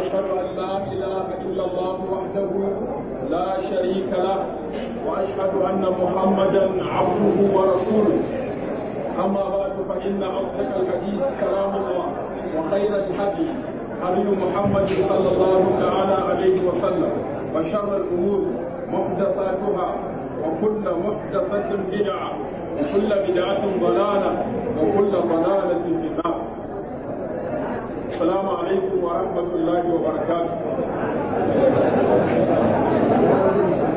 وأشهد أن لا إله إلا الله وحده لا شريك له وأشهد أن محمدا عبده ورسوله أما بعد فإن أصدق الحديث كلام الله وخير الحديث هدي محمد صلى الله تعالى عليه وسلم وشر الأمور محدثاتها وكل محدثة بدعة وكل بدعة ضلالة وكل ضلالة في النار السلام عليكم ورحمة الله وبركاته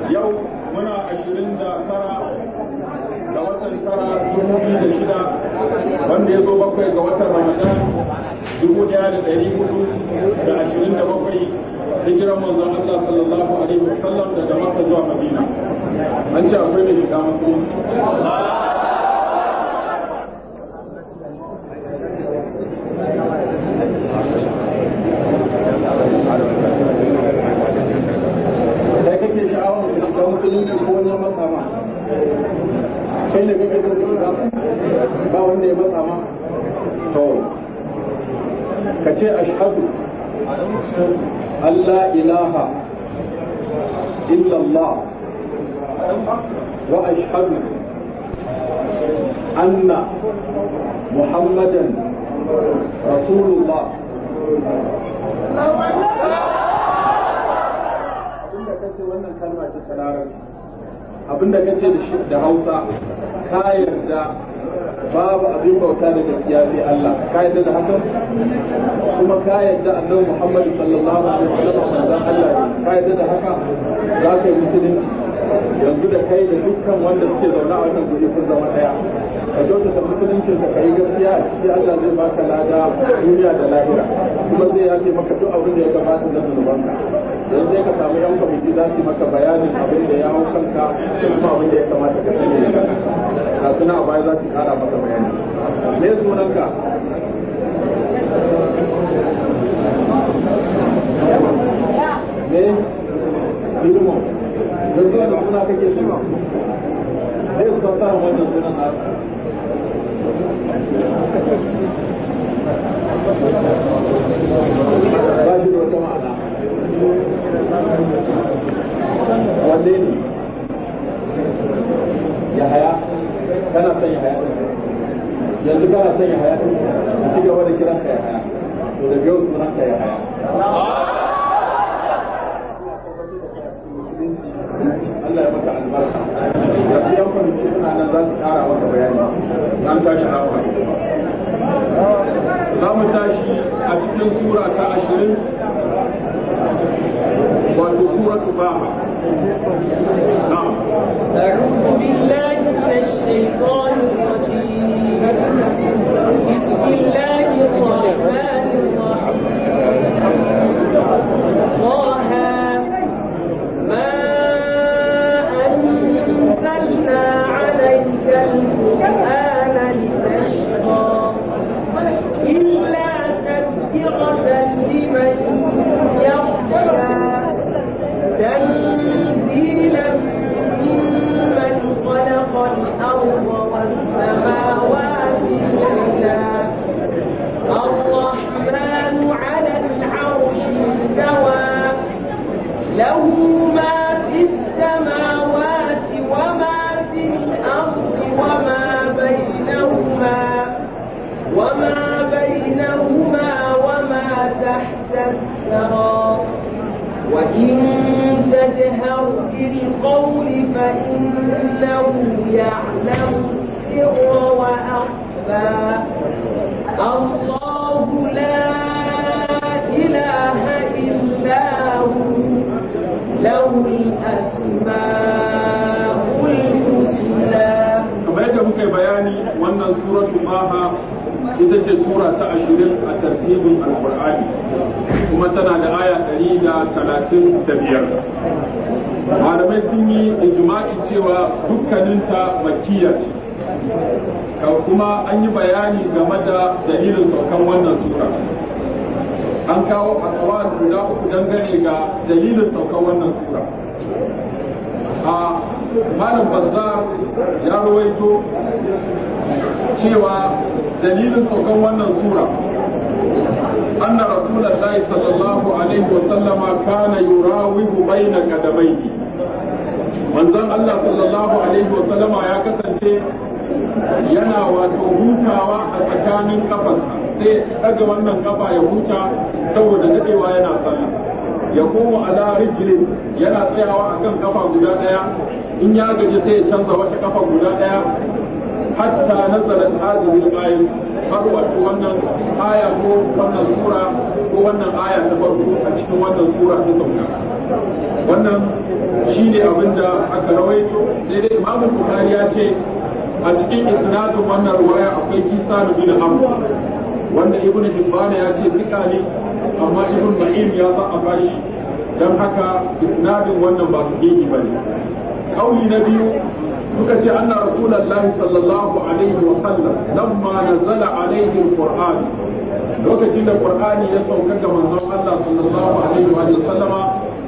يوم منا عشرين دا ترى da watan tara dubu biyu da shida wanda ya zo bakwai ga watan ramadan dubu daya da ɗari hudu da ashirin da bakwai hijiran manzon Allah sallallahu alaihi wa sallam, daga Makka zuwa Madina an ce akwai da shiga musulunci محمدا رسول الله abinda ce wannan kalma ce ta larabci abinda kace da shi da hausa ka yarda babu abin bauta da gaskiya sai Allah ka yarda da hakan kuma ka yarda annabi Muhammad sallallahu alaihi wasallam manzon Allah ka yarda da haka za ka yi musulunci yanzu da kai da dukkan wanda suke zaune a wannan guri sun zama ɗaya. ka kyauta da musuluncin ka kai gaskiya a ciki Allah zai baka lada duniya da lahira kuma zai yafe maka duk abin da ya gabata na zunubanka yanzu zai ka samu yan kwamiti za su maka bayanin abin da ya hau kanka da kuma abin da ya kamata ka sani da kanka kafin a baya za su kara maka bayani me sunanka ce tura ta ashirin a tartibin alkur'ani kuma tana da aya ɗari da talatin da biyar malamai sun yi ijma'i cewa dukkaninta makiya ce kuma an yi bayani game da dalilin saukan wannan sura an kawo a guda uku dangane ga dalilin saukan wannan sura a malam bazar ya rawaito cewa dalilin tsokan wannan sura أن رسول الله صلى الله عليه وسلم كان يراوغ بين قدميه manzon Allah sallallahu alaihi wa sallama ya kasance yana wato hutawa a tsakanin kafarsa sai daga wannan kafa ya huta saboda dadewa yana sallah ya koma ala rijlin yana tsayawa akan kafa guda daya in ya gaji sai ya canza wata kafa guda daya hatta nazalat hadhihi al-ayat har wato wannan aya ko wannan sura ko wannan aya ta farko a cikin wannan sura ta sauka wannan shine abin da aka rawaito sai dai Imam Bukhari ya ce a cikin isnadin wannan ruwaya akwai kisa da bin amr wanda ibnu hibban ya ce dika ne amma ibnu ma'in za a bashi dan haka isnadin wannan ba su gini bane kauli na biyu suka ce anna rasulullahi sallallahu alaihi wa sallam lamma nazala alaihi alquran lokacin da qur'ani ya sauka ga manzon Allah sallallahu alaihi wa sallama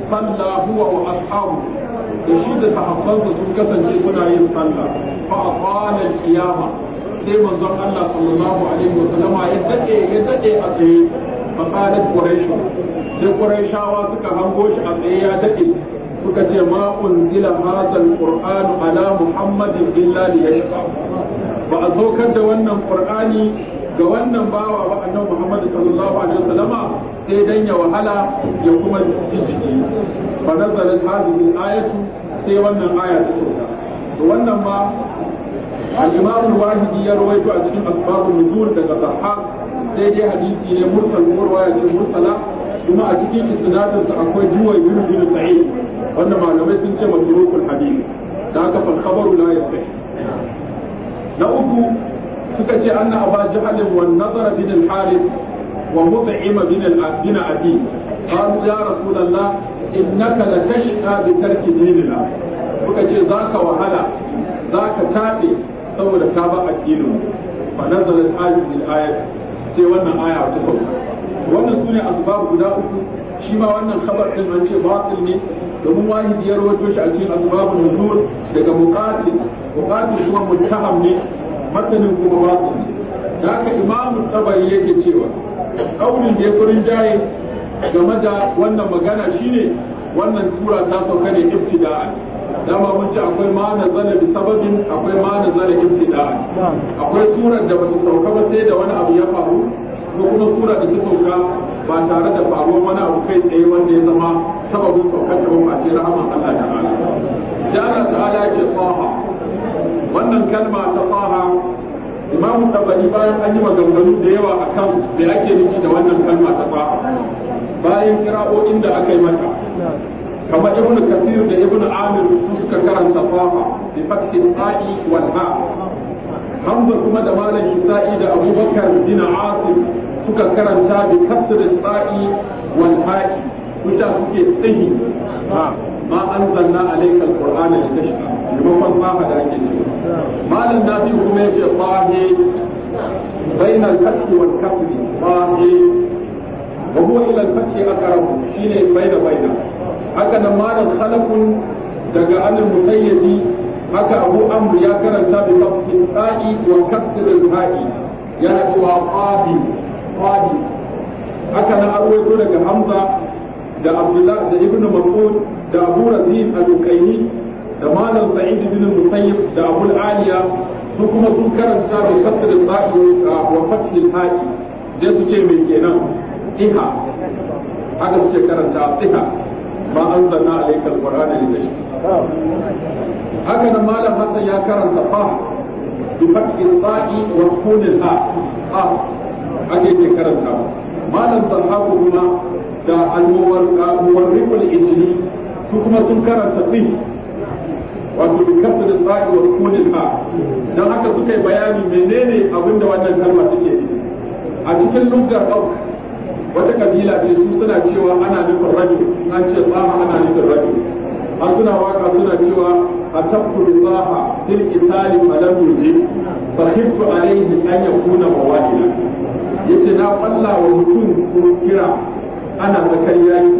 salla huwa wa ashabu da shi da sahabbansa sun kasance suna yin sallah fa aqala alqiyama sai manzon Allah sallallahu alaihi wa sallama ya dade ya dade a tsaye fa qalat quraish sai quraishawa suka hango shi a tsaye ya dade suka ce ma unzila hadal alquran ala muhammadin illa liyashqa ba a zokar da wannan qur'ani ga wannan bawa ba annabi muhammad sallallahu alaihi wasallama sai dan ya wahala ya kuma jijjiki fa nazalat hadhihi ayatu sai wannan aya ta to wannan ma al-imam al-wahidi ya rawaito a cikin asbabun nuzul daga sahha sai dai hadisi ne mursal murwa ya ce mursala kuma a cikin isnadinsa akwai duwai bin bin sa'id wanda malamai sun ce matrukul hadith da haka fal khabaru ya yasih na uku suka ce anna aba jahal wa nazara bin al harith wa mut'im bin al bin abi qalu ya rasulullah innaka la tashqa bi tarki dinina suka ce zaka wahala zaka tabe saboda ka ba addinin fa nazalat hadhihi al ayat sai wannan aya ta sauka wannan sune asbab guda uku shi ma wannan khabar din an ce batil ne domin wahid ya rawaito shi a cikin asbabun nuzul daga muqatil muqatil kuma muttaham ne matanin kuma batil da haka tabari yake cewa kaulin da ya furin jaye game da wannan magana shine wannan sura ta sauka ne ibtida'a dama mun ci akwai ma nazala bi sababin akwai ma nazala ibtida'a akwai surar da ba ta sauka ba sai da wani abu ya faru ko kuma sura da ta sauka ba tare da faruwar wani abu kai tsaye wanda ya zama sababin saukar da ba ce rahaman Allah ta'ala jana ta'ala ya tsaha wannan kalma ta tsaha imamu tabbani bayan an yi maganganu da yawa akan da ake nufi da wannan kalma ta tsaha bayan kira'o'in da aka yi mata kamar ibnu kasir da ibnu amir su suka karanta tsaha bi fathi sa'i wal ha hamza kuma da malam isa'i da abubakar bin asim kuka karanta bi kasrin ba'i wal ha'i kuta kuke tsayi ma anzalna alaykal qur'ana litashqa liman ma hada ke malam nabi kuma yace ba'i bain al fath wal kasr ba'i wa huwa ila al fath aqrabu shine baina baina haka nan malam khalaqun daga al musayyidi haka abu amr ya karanta bi fath al ba'i wa kasr al ha'i yana cewa ba'i fadi haka na arwaito daga hamza da abdullah da ibnu mas'ud da abu razif al-ukaini da malam sa'id bin musayyib da abu aliya su kuma sun karanta bi kasr al-zahiri wa fath al-hadi da su ce mai kenan iha haka suke karanta iha ma anzalna alayka al-qur'ana litashqa haka nan malam hasan ya karanta fa bi fath al-ba'i wa sukun al-ha ake ke karanta malam sahabu kuma da al-muwarriqul ijli su kuma sun karanta fi wato bi kasr da bai wa sukun ha dan haka suka yi bayani menene abinda wannan kalma take a cikin lugar auk wata kabila ce su suna cewa ana nufin rabi, an ce tsaha ana nufin rabi har suna waka suna cewa أتقتل الله في القتال فلم يجب فخفت عليه أن يكون مواليا yace na falla wa mutum ko kira ana zakar yayi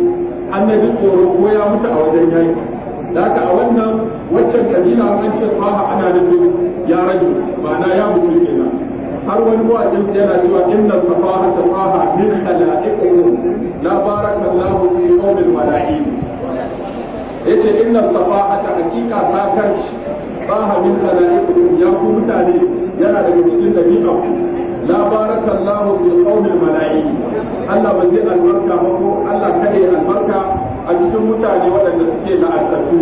annabi tsoro ko ya mutu a wajen yayi da haka a wannan waccan kabila an ce fara ana nufin ya rage ma'ana ya mutu kenan har wani da yana cewa inna safaha safaha min khala'iqum la barakallahu fi qawlil mala'ik yace inna safaha ta hakika sakar ba min khala'iqum ya ku mutane yana daga cikin dabi'a la baraka Allahu bi malayi. Allah ba zai albarka ba ko Allah kada ya albarka a cikin mutane waɗanda suke la'azzatu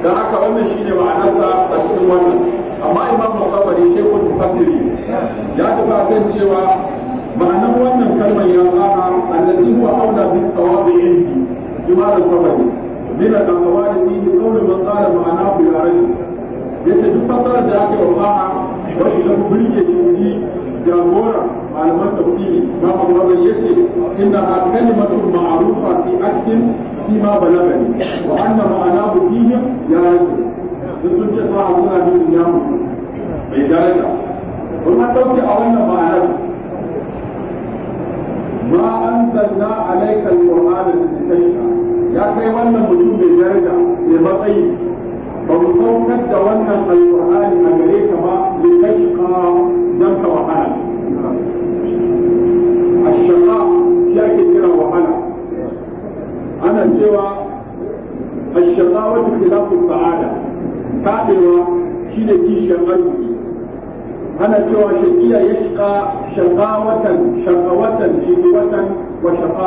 Da haka wannan shine ma'anarsa a cikin wannan amma Imam ya sai ko tafsiri ya tafi kan cewa ma'anar wannan kalmar ya fara allazi huwa aula bi thawabi indi bima al-qabri min al-aqwal fihi qawlu man qala ma'anahu ya rajul yace duk fasarar da ake wa ba'a wani da ku birge shi jagora malaman tafsiri ma abu yace inna ha kalimatu ma'rufa fi aktin fi ma balagani wa anna ma'anahu fihim ya yace sun sun ce ba abu na bin ya mutu bai daraja kuma dauke a wannan ma'anar ma anzalna alayka alqur'ana litashqa ya kai wannan mutum bai daraja bai matsayi ba mu saukar da wannan alqur'ani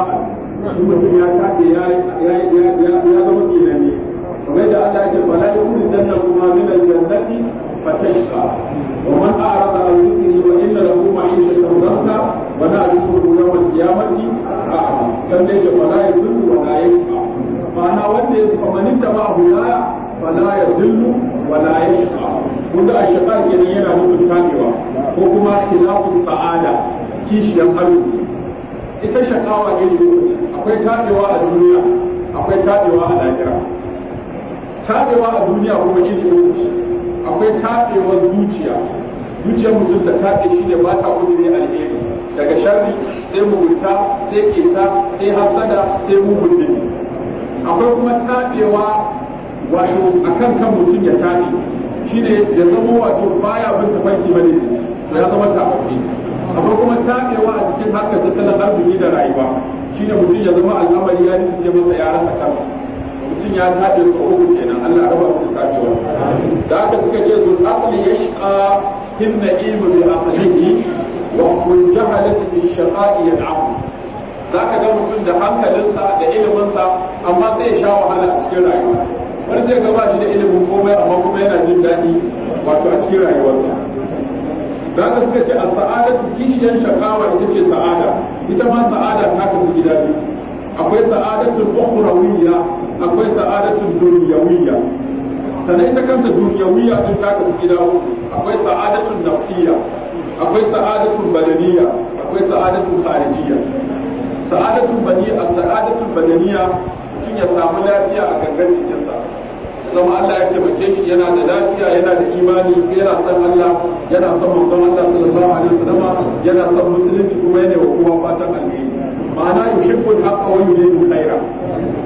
fa'a in mutum ya kaɗe ya zama kinani kamar da Allah ya ce fala yakunu dannakum ma min al-jannati fatashqa tabewa a duniya kuma ke shigo shi akwai tafewa zuciya zuciya mutum da tabe shi ne ba ta ne alheri daga sharri sai mugunta sai keta sai hasada sai mugunta akwai kuma tafewa wato akan kan mutum ya shi shine ya zama wato baya bin tafarki bane to ya zama tafafi akwai kuma tafewa a cikin haka tattalin arziki da rayuwa shine mutum ya zama al'amari ya rike masa yaran a kan mutum ya tabe ko uku kenan Allah ya raba mu tabewa da haka suka ce zul aqli yashqa hin na'im bi aqlihi wa kun jahalat bi shaqa'i al'aql za ka ga mutum da hankalinsa da iliminsa amma sai ya sha wahala a cikin rayuwa wani zai ga ba shi da ilimin komai amma kuma yana jin daɗi wato a cikin rayuwarsa za ka suka ce a sa'ada kishiyar shakawa ita ce sa'ada ita ma sa'ada ta tafi gida biyu akwai sa'adatul ukhrawiyya akwai sa'adatun dunyawiyya sannan ita kanta dunyawiyya din ta kasu gida uku akwai sa'adatun nafsiyya akwai sa'adatun badaniyya akwai sa'adatun kharijiyya sa'adatun bani sa'adatun badaniyya mutum ya samu lafiya a gangan jikinsa zama Allah ya taimake shi yana da lafiya yana da imani yana san Allah yana san manzon Allah sallallahu alaihi wasallam yana san musulunci kuma yana wa kowa fatan alheri ma'ana yuhibbul haqqa wa yuridu khaira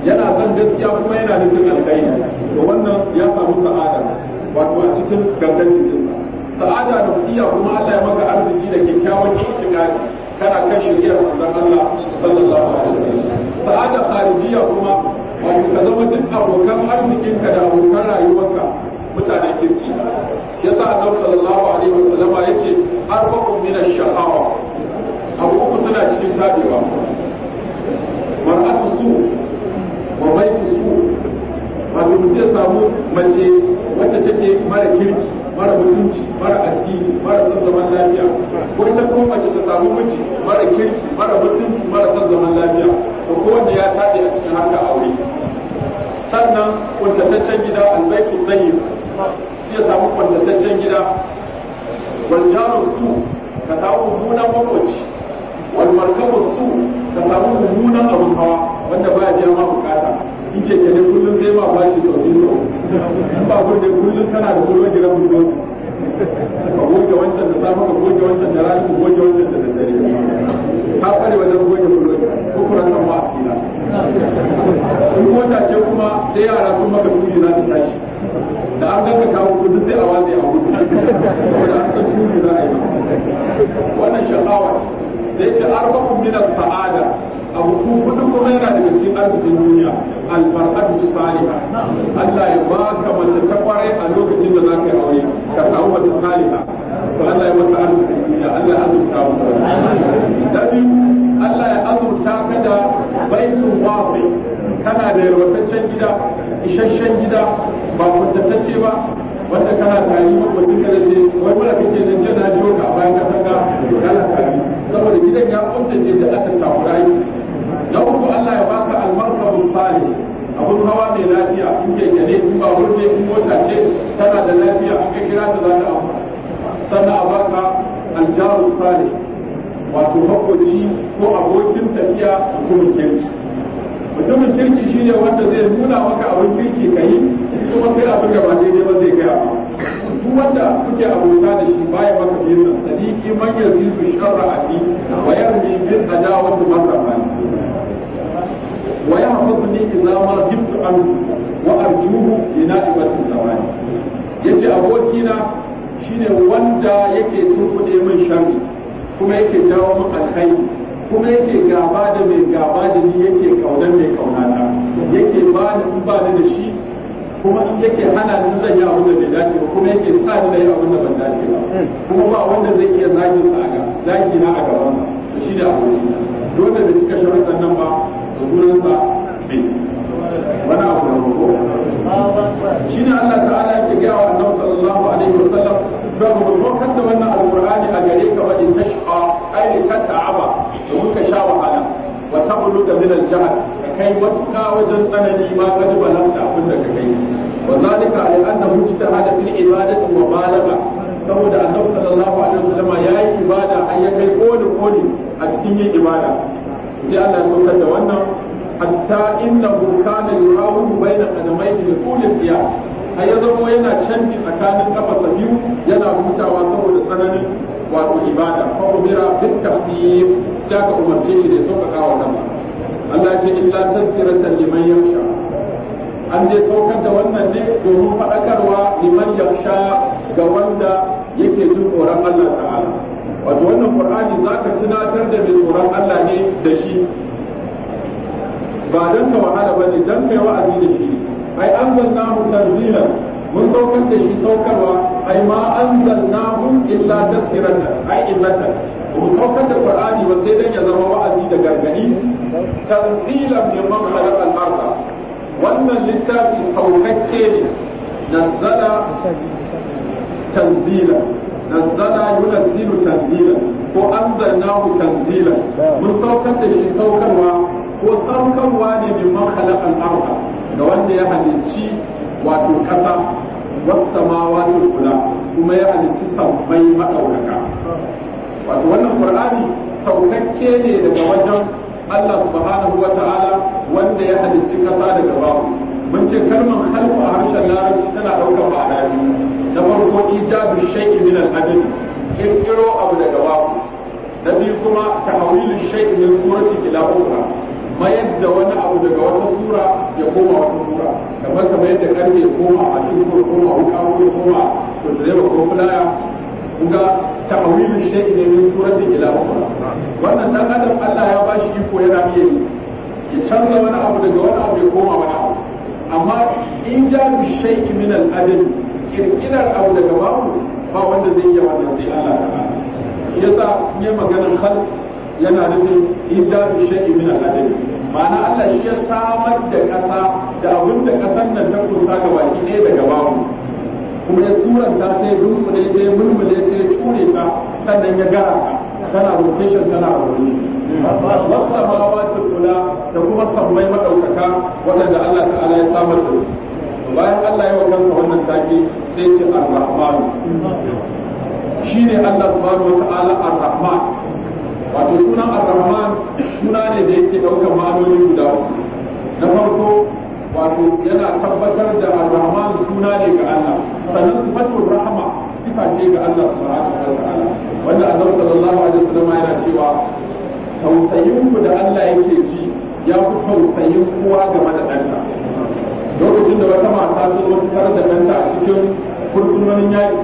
yana son gaskiya kuma yana da jin alkhairi to wannan ya samu sa'ada wato a cikin gangan jikinsa sa'ada da tsiya kuma Allah ya maka arziki da kyakkyawan itikadi kana kan shiriyar manzon Allah sallallahu alaihi wasallam sa'ada kharijiyya kuma wato ka zama duk abokan ka da abokan rayuwarka mutane kirki yasa annabi sallallahu alaihi wasallama yace arba'un min ash sha'awa. abubuwan suna cikin tabewa mar'atu su wa baitu su wato mutum ya samu mace wadda take mara kirki mara mutunci mara addini mara son zaman lafiya wata kuma mace ta samu miji mara kirki mara mutunci mara son zaman lafiya to kowanne ya tafi a cikin haka aure sannan kwantataccen gida albaitu tayyib shi ya samu kwantataccen gida wal jaru su ka samu munan makwaci wal markabu su da samu mummunan abun hawa wanda ba ya ma bukata in ke ke kullum sai ba bashi to ni to in ba gurbe kullum tana da kullum gidan mutum ka goge wancan da safa ka goge wancan da rani ka goge wancan da daddare ka kware wajen goge kullum ko kuma kan ba a fila in kuma sun maka turi ta da an ganka kawo kudu sai a wazi a gudu an san turi za a yi wannan sha'awa da yake arba'un min al-sa'ada abu hudu kuma yana daga cikin arzikin duniya al-farhatu salihah Allah ya baka mace ta kware a lokacin da zaka yi aure ka samu mace salihah to Allah ya maka arzikin duniya Allah ya azurta mu da biyu Allah ya azurta ka da baitul wasi kana da yarwataccen gida isasshen gida ba ce ba wanda kana tari mutum kada ce wai mura kake nan jana jiyo ka bayan ka saka kana gidan ya kuntace da aka takura na uku Allah ya baka almarkabun salih abun hawa mai lafiya in keke in ba wuce in mota ce tana da lafiya in ka kira ta za ta amfana sannan a baka aljarun salih wato makoci ko abokin tafiya ko kirki mutumin kirki shine wanda zai nuna maka abin kirki ka yi kuma kai abin da ba daidai ba zai kai ba duk wanda kuke abota da shi baya maka bisa sadiki man yazidu sharra ali wa yarmi bil adawati marratan wa yahfazuni idza ma jibtu an wa arjuhu li na'ibati zawani yace abokina shine wanda yake turkude min sharri kuma yake jawo min alkhairi kuma yake gaba da mai gaba da ni yake kauna mai kaunata yake ba ni ba da shi kuma yake hana ni zan yi abin da bai dace ba kuma yake sa ni da yi abin da ban dace ba hmm. kuma ba wanda zai iya zagi sa a zagi na a gaban sa shi da aboki dole da duka sharuɗan nan ba da gurin sa bi wani abu da ko shi ne Allah ta'ala ke ga wa annabi sallallahu alaihi wa sallam ba mu dokar da wannan alqur'ani a gare ka ba in tashqa ai ka ta'aba da muka sha wahala wa tablu da min al-jahl kai matuƙa wajen tsanani ma ka ji balanta abin da ka kai wa zalika ala annahu hada fil ibadati wa balagha saboda annabi sallallahu alaihi wasallam ya yi ibada har ya kai koli koli a cikin yin ibada sai Allah ya da wannan hatta innahu kana yuhawilu baina qadamayhi li kulli siyah har ya zama yana canji tsakanin kafarsa biyu yana hutawa saboda tsananin wato ibada fa umira bit tafsir da ka umarce shi da sauƙaƙa wa nan Allah ce illa tazkiratan liman yakhsha an dai saukar da wannan ne domin faɗakarwa liman yakhsha ga wanda yake jin tsoron Allah ta'ala wato wannan qur'ani zaka tunatar da mai tsoron Allah ne da shi ba dan ka wahala bane dan kai wa'azi da shi ai anzalnahu tanzila mun saukar da shi saukarwa ai ma anzalnahu illa tazkiratan ai illatan saukar da qur'ani ba sai dan ya zama wa'azi da gargadi tanzilan mimman khalaqa al-arda wannan littafi saukacce ne nazzala tanzila nazzala yunazzilu tanzila ko anzalnahu tanzila mun saukar da shi saukarwa ko saukarwa ne mimman khalaqa al-arda ga wanda ya halicci wato kasa wasu samawa kula kuma ya halicci sammai maɗaukaka wato wannan qur'ani saukakke ne daga wajen Allah subhanahu wa ta'ala wanda ya halicci kasa daga babu mun ce kalmar halku a harshen larabci tana daukar ma'ana na farko ijabu shay'in min al-adl kirkiro abu daga babu na biyu kuma tahwilu shay'in min surati ila ukhra mayar da wani abu daga wata sura ya koma wata sura kamar kamar yadda karfe koma a cikin koma wuka ko koma to da zai ba ko fulaya kuga ta'awilin shay'in min da ila ukhra wannan dan adam Allah ya bashi iko yana biye ya canza wani abu daga wani abu ya koma wani abu amma in bi shay'in min al-adl kirkirar abu daga babu ba wanda zai yi wannan sai Allah ta'ala yasa ne maganar khalq yana da nufin bi shay'in min al-adl ma'ana Allah shi ya samar da kasa da abin da kasan nan ta kusa ga baki ne daga babu kuma ya tura ta sai dunkule ta ya mulmule ta ya tsure ta sannan ya gara tana rotation tana rauni wasu samawa ta kula da kuma samai maɗaukaka waɗanda Allah ta'ala ya samar da su bayan Allah ya wa ka wannan take sai ce ar-rahman shine Allah subhanahu wa ala ar-rahman wato sunan ar-rahman suna ne da yake ɗaukar ma'anoni guda uku na farko wato yana tabbatar da ar-rahman suna ne ga Allah sannan sifatul rahma sifa ce ga Allah subhanahu wa ta'ala wanda Allah sallallahu alaihi wasallam yana cewa tausayin ku da Allah yake ji ya fi tausayin kowa game da ɗanta lokacin da wata mata ta zo fitar da ɗanta a cikin fursunonin yaƙi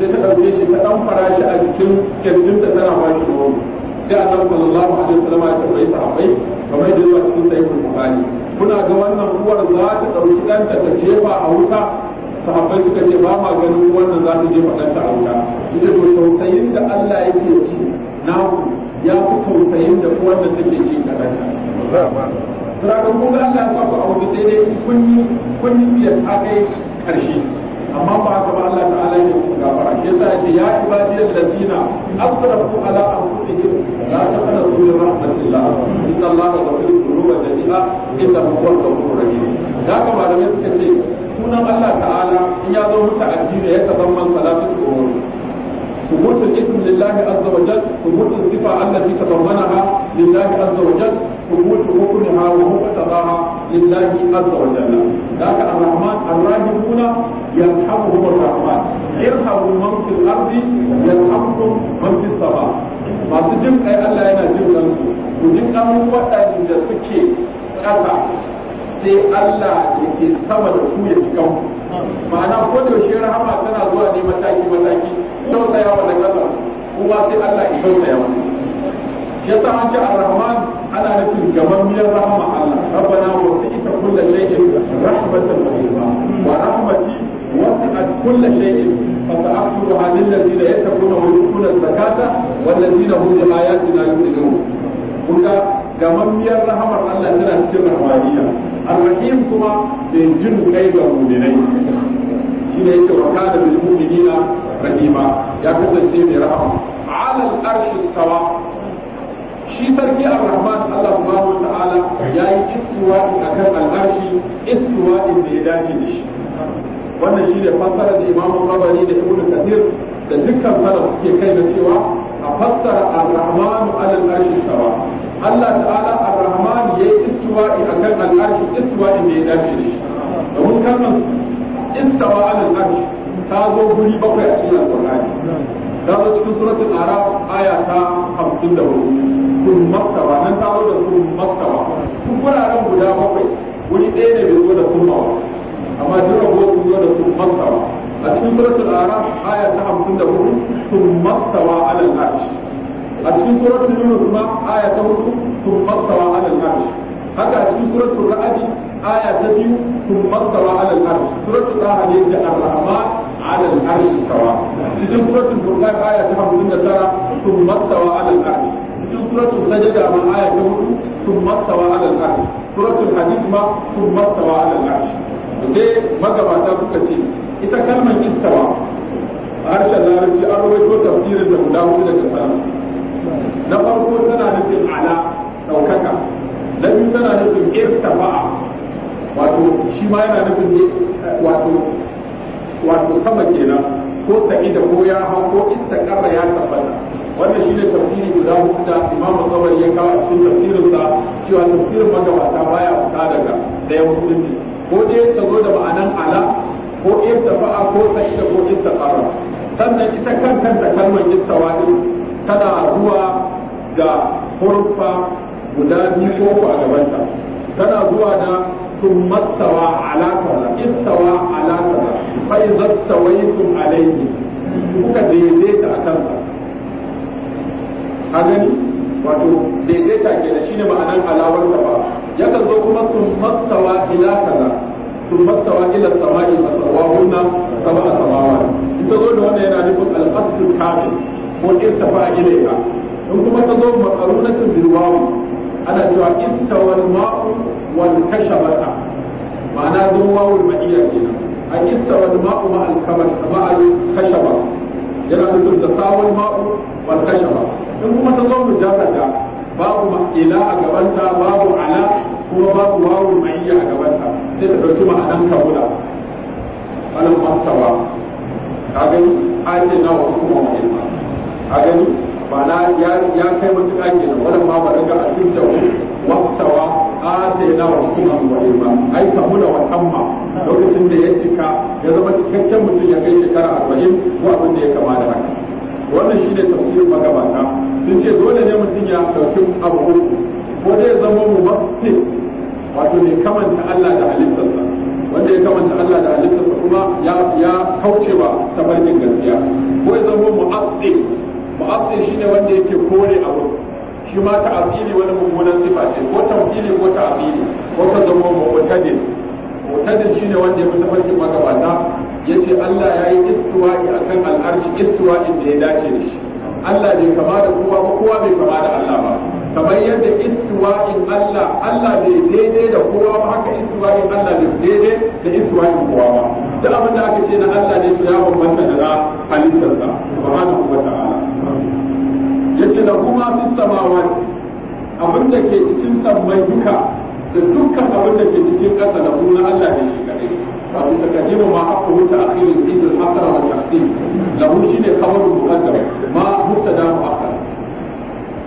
sai ta ɗauke shi ta ɗan fara shi a cikin kirjin da tana ba shi nono sai a nan sallallahu alaihi wasallam ya tambayi sahabbai kamar da zuwa cikin sahihul bukhari kuna ga wannan uwar za ta ɗauki ɗanta ta jefa a wuta sahabbai suka ce ba ma ganin wannan za ta jefa ɗanta a wuta ita to tausayin da Allah yake ci na ya fi tausayin da wannan take ci ga ɗanta sakamakon Allah ya sa ku a wuta sai dai kun yi kun biyar ta kai ƙarshe amma ba haka ba Allah ta'ala ya kuma gafara shi yasa yake ya ibadi allazina asrafu ala anfusihim la taqnatu min rahmatillah inna Allaha ghafurur dhunuba jami'a innahu huwal ghafurur rahim da haka malamai suka ce sunan Allah ta'ala in ya zo muta addini ya tazamman salatu tsoro ثبوت الاسم لله عز وجل ثبوت الصفة التي تضمنها لله عز وجل ثبوت حكمها ومقتضاها lillahi azza wa kuna ذاك الرحمن الراحمون يرحمهم الرحمن يرحم من في الارض يرحمكم من في السماء masu jin kai Allah yana jin nan su ku jin kan waɗanda suke ƙasa sai Allah da ke sama da ku ya cikan ku ma'ana ko da yaushe rahama tana zuwa ne mataki mataki tausaya wa da ƙasa kuma sai Allah ya yawa. wa yasa an ce ar-rahman ana nufin gamammiyar rahama Allah rabbana wa fi'ta kullu shay'in rahmatan wa ilma wa rahmati wasi'at kullu shay'in fasa'tuha lil ladina yattaquna wa yu'tuna zakata wal ladina hum bi ayatina yu'minun kunga gamammiyar rahamar Allah tana cikin rahmaniya ar-rahim kuma da jin kai ga mu'minai shi ne yake wa kana bil ya kasance mai rahama ala al-arshi shi sarki ar-rahman Allah subhanahu wa ta'ala yayi istiwa'i akan al-arshi istiwa'in da ya dace da shi wannan shi ne fassara da imamu Tabari da Ibn Kathir da dukkan salaf suke kai da cewa a fassara ar-rahman ala al-arshi sawa Allah ta'ala ar-rahman yayi istiwa'i akan al-arshi istiwa'in da ya dace da shi domin kalmar istawa ala al-arshi ta zo guri bakwai a cikin al-Qur'ani ta zo cikin suratul araf aya ta 54 kun maktawa nan ta zo da kun maktawa kun wuraren guda bakwai wani ɗaya ne bai zo da kun mawa amma duk rabuwa sun zo da kun maktawa a cikin suratul araf aya ta 54 kun maktawa alal arsh a cikin suratul yunus ma aya ta 4 kun maktawa alal arsh haka a cikin suratul ra'd aya ta 2 kun maktawa alal arsh suratul taha ne da ar-rahman على العرش استوى في سورة الفرقان آية 59 ثم استوى على العرش في سورة السجدة من آية 4 ثم استوى على العرش سورة الحديث ما ثم استوى على العرش dai magabata suka ce ita kalmar istawa a harshen larabci an rawaito tafsirin da guda hudu daga sana na farko tana nufin ala ɗaukaka na biyu tana nufin irtafa'a wato shi ma yana nufin wato wato sama kenan ko sa'ida ko ya hau ko kara ya tabbata wannan ne tafsiri guda hudu da imamu sabari ya kawo a cikin tafsirin sa cewa tafsirin magabata baya fita daga daya musulunci ko dai ta zo da ma'anan ala ko irtafa'a ko sa'ida ko kara sannan ita kanta da kalmar istawa wani tana zuwa ga hurfa guda biyu ko ku a gabanta tana zuwa da sun mastawa alaƙa kaza istawa alaƙa zasta fa idza tawaytum alayhi kuka daidaita a akan A hagani wato daidaita ke da shi ne ma'anar alawar ta ba yakan zo kuma sun mastawa ila kaza sun mastawa ila samai fasawahunna sab'a samawat ita zo da wannan yana nufin kafin ko asl kamil a gina ilayka in kuma ta zo makarunatin bilwawu ana cewa inta wal ma'u wal mata, ma'ana zo wawul ma'iyya kenan an yi tsawon ma'u ma alkamar kama a yi kashe ba yana nufin da sawon ma'u wal kashe ba in kuma ta zo mujarrada babu ila a gabanta babu ala kuma babu wawu ma'iyya a gabanta sai ta ɗauki ma'anan kabula alam mastawa ka gani ake na wa kuma wa ilma ka gani ba na ya kai mutum ake na wannan ma ba daga alfin da wani atayna wa kuma walima ai kamula wa tamma lokacin da ya cika ya zama cikakken mutum ya kai shekara arba'in ko abin da ya kama da haka wannan shine tafsirin magabata sun ce dole ne mutum ya ɗauki abu uku ko dai zama mu mafi wato ne kamanta Allah da halittarsa wanda ya kamanta Allah da halittarsa kuma ya ya kaucewa tafarkin gaskiya ko ya zama mu'assi shi shine wanda yake kore abu shi ma ta'abili wani mummunan sifa ce ko tawkili ko ta'abili ko ta zama mu'tadil mu'tadil shine wanda ya mutu farkin magabata ce Allah ya yi a kan al'arshi istiwa'in da ya dace da shi Allah bai kama da kowa ba kowa bai kama da Allah ba kamar yadda istiwa'in Allah Allah bai daidai da kowa ba haka istiwa'in Allah bai daidai da istiwa'in kowa ba duk abin da aka ce na Allah ne ya bambanta da halittarsa subhanahu wa ta'ala yake da kuma fi samawat abin da ke cikin sammai duka da dukkan abin da ke cikin ƙasa da kuma Allah ne shi kaɗai. wato ta kajibu ma aka huta akhirin zidul hasara wa tafsir lahu shine khabaru muqaddam ma mubtada mu'akkar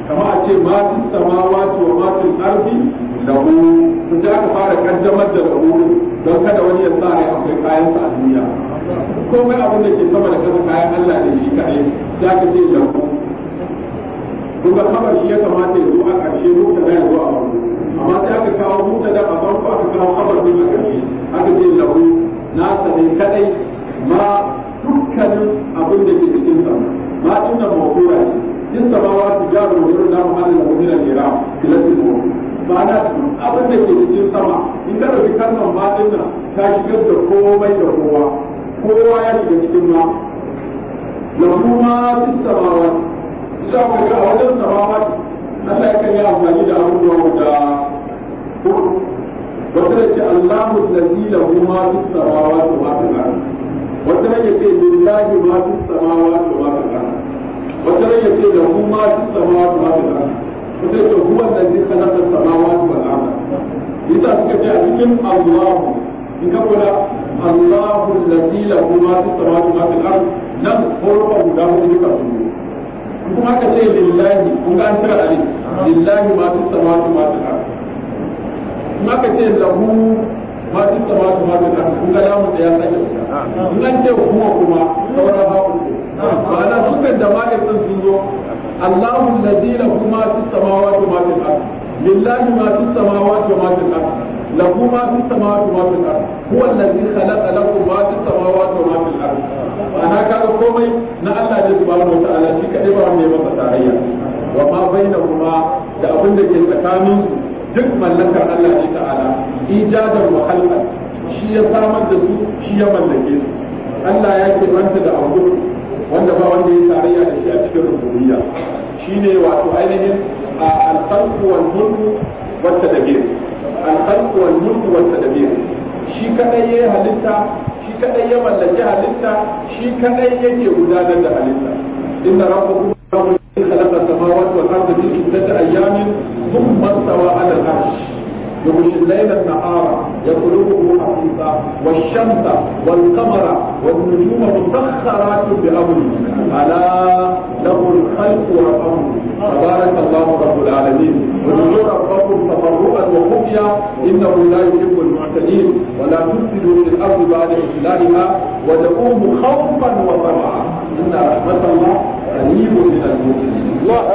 kama a ce ma fi samawati wa ma fil ardi lahu kun aka fara kaddamar da lahu don kada wani ya sa rai akwai kayan sa a duniya komai abin da ke sama da kasa kayan Allah ne shi kaɗai, za ka ce lahu duka khabar shi ya kamata ya zo a ƙarshe mubtada ya zo a farko amma sai aka kawo da a farko aka kawo khabar din a ƙarshe aka ce lahu na ne kadai ma dukkanin abin da ke cikin sa ma inda mawdu'a ne in samawa tijaru wa yurun da muhallin wa min al-jira kilasi mawdu ma'ana abin da ke cikin sama in ka dauki kalmar ma din nan ta shigar da komai da kowa kowa ya shiga cikin ma lahu ma fi samawati za ku ga a wajen samawa Allah ya kan amfani da abubuwa guda wata da ce Allahu lazi lahu ma fi samawa wa wata da ce lillahi ma fi samawa wa ma fi wata da ce lahu ma fi samawa wa ma fi wata da ce huwa allazi khalaqa samawa wa ardh yasa suka ce a cikin Allahu in ka kula Allahu lazi lahu ma fi samawa wa ma nan guda hudu duka su kuma ka ce lillahi kun ga tsira tira alif lillahi ma fi samawati ma fi ardh kuma ka ce lahu ma fi samawati ma fi ardh kun ga lamun da ya sake kun ga ce kuma kuma saboda ba ku ba ma'ana dukkan da malik sun sun zo Allahu alladhi lahu ma fi samawati ma fi ardh lillahi ma fi samawati ma fi ardh له ما في السماوات وما في الأرض هو الذي خلق لكم ما في السماوات ma fi الأرض ana kaga komai na Allah ne subhanahu wa ta'ala shi kadai ba wanda ya masa tarayya wa ma kuma da abin da ke tsakanin duk mallakar Allah ne ta'ala ijadan wa khalqan shi ya samar da su shi ya mallake su Allah ya ke manta da abu wanda ba wanda ya tarayya da shi a cikin rububiyya shine wato ainihin al-khalqu wal mulku wat al-khalqu wal mulku shi kadai ya halitta kadai ya mallaki halitta shi kadai yake gudanar da halitta inna rabbakum rabbul خلق السماوات والأرض في ستة أيام ثم استوى على العرش يقول الليل النهار يطلبه حقيقة والشمس والقمر والنجوم مسخرات بأمره ألا له الخلق والأمر تبارك الله رب العالمين ونزور ربكم تضرعا وخفيا إنه لا يحب المعتدين ولا تفسدوا في الأرض بعد إسلامها ودعوه خوفا وطمعا إن رحمة الله قريب من المؤمنين الله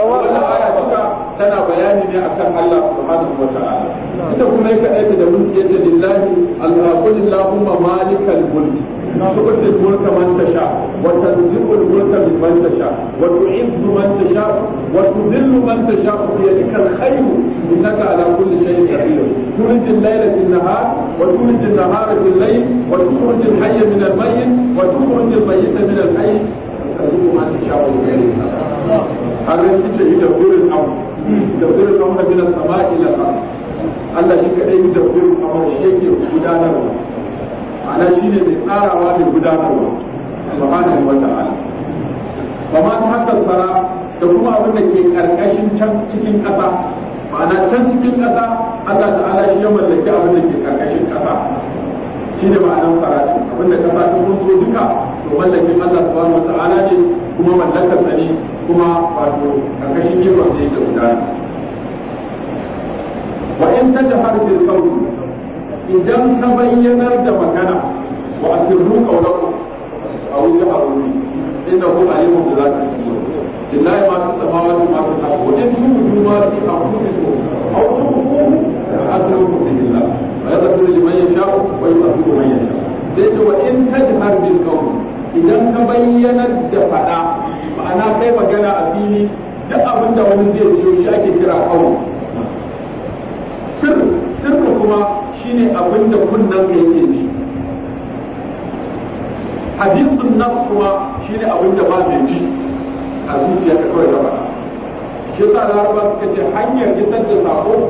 tana bayani ne akan Allah subhanahu wa ta'ala ita kuma ya kaɗaita da mulki yadda lillahi al-rabbil lahumma malikal mulk تؤتي الملك من تشاء وتنزل الملك ممن تشاء وتعز من تشاء وتذل من تشاء بيدك الخير انك على كل شيء قدير تولج الليل في النهار وتولج النهار في الليل وتخرج الحي من الميت وتخرج الميت من الحي فذوقوا ما تشاءوا من غير الأرض أن تدبير الأمر تدبير الأمر من السماء إلى الأرض Allah shi kaɗai yi tafiyar kamar shi yake gudanarwa ana shi ne mai tsarawa mai gudanarwa subhanahu wa ta'ala ba ma ta haka tsara da kuma abin da ke karkashin can cikin ƙasa ma'ana can cikin ƙasa Allah ta'ala shi ya mallaki abin da ke karkashin ƙasa shi ne ma'anar tsara abin da ƙasa ta kunso duka mallakin Allah subhanahu wata'ala ne kuma mallakar sa ne kuma wato karkashin ikon da yake guda wa in ta tajhar bil qawl idan ka bayyanar da magana wa asirru qawlakum aw jaharu inda hum alimun bi zati lillahi ma fi samawati ma fi al-ardi wa in tudu ma fi anfusikum ku tukhfuhu fa'lamu billah wa yadhkuru liman yasha'u wa yudhkuru man yasha'u sai ce wa in tajhar bil qawl idan ka bayyana da faɗa ma'ana kai magana a fili duk abin da wani zai biyo shi ake kira kawo sir sirka kuma shine abin da kunnan ka yake ji hadisun nan kuma shine abin da ba zai ji a zuciya ka kawai gaba shi sa laraba suka ce hanyar isar da sako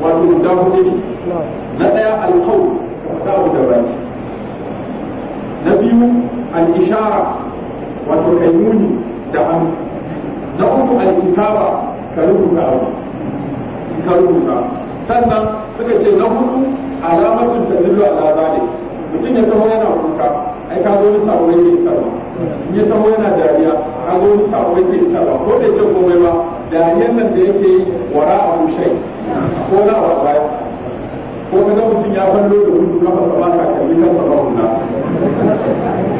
wato guda hudu na ɗaya alkau ka faɗa da baki na biyu al-ishara wato kaimuni da hannu na uku al-kitaba ka rubuta abu ka rubuta sannan suka ce na hudu da tadillu ala zalik mutum ya taho yana kuka ai ka zo nisa wai ke ba in ya taho yana dariya ka zo nisa wai ke ba ko da ce komai ba dariyan nan da yake wara abu shai ko na wa baya ko ka ga mutum ya fallo da gudu na fasa ba ka kalli kan sama hunna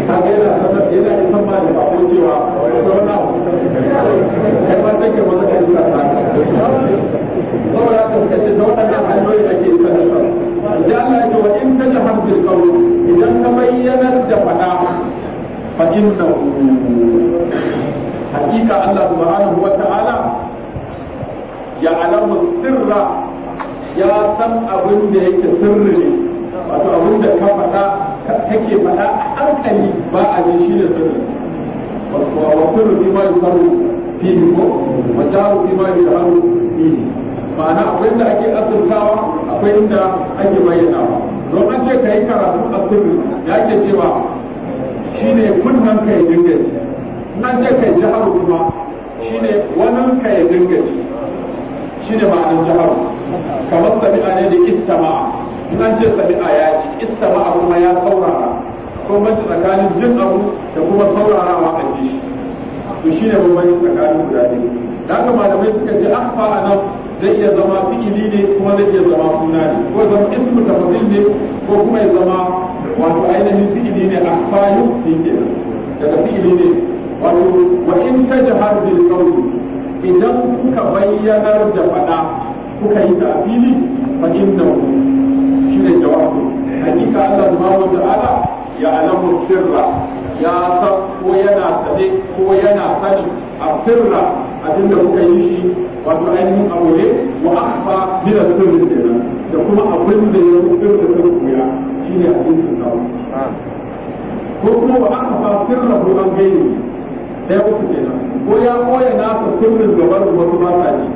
ka ga yana sanar yana yi san da ba ko cewa wani wani kai ba take ba za ka yi kasa saboda ka suka ce ta waɗannan hanyoyi ake yi sanar ba ya Allah ya ce in ta jahar bil qawl idan ka bayyanar da fada fa innahu hakika Allah subhanahu wa ta'ala ya alamu sirra ya san abin da yake sirri ne wato abin da ka faɗa kake faɗa a hankali ba a ji shi ne sirri wa kullu bima yusaru fihi ko wa jaru bima yusaru ba na akwai inda ake asirtawa akwai inda ake ba. don an ce ka yi karatu a sirri, ya ke cewa shine kunnan ya dinga ji nan ce ka yi jaharu kuma shine wannan ya dinga ji ne ma'anar jaharu kamar sabi'a ne da istama'a in an ce sabi'a ya ji istama'a kuma ya saurara ko mace tsakanin jin abu da kuma saurarawa a ji to shi ne bambanci tsakanin guda biyu da haka malamai suka ce akfa ah, a nan zai iya zama fi'ili ne kuma zai iya zama suna ne ko ya zama ismu tafadil ne ko kuma ya zama wato ainihin fi'ili ne ah, a akfa yufti ne daga fi'ili ne wato wa in ta tajhar bil qawli idan kuka bayyanar da faɗa. kuka yi ta fili fa inna shi ne jawabu hakika Allah subhanahu da ta'ala ya alamu sirra ya san ko yana sane ko yana sani a sirra abinda kuka yi shi wato ainihin abu ne wa akhfa min al-sirri kenan da kuma abin da ya sirri da kuya shine abin da ko kuma wa akhfa sirra ko an gani da ya kuka kenan ko ya koya nasa sirrin gaban wasu ba ta ji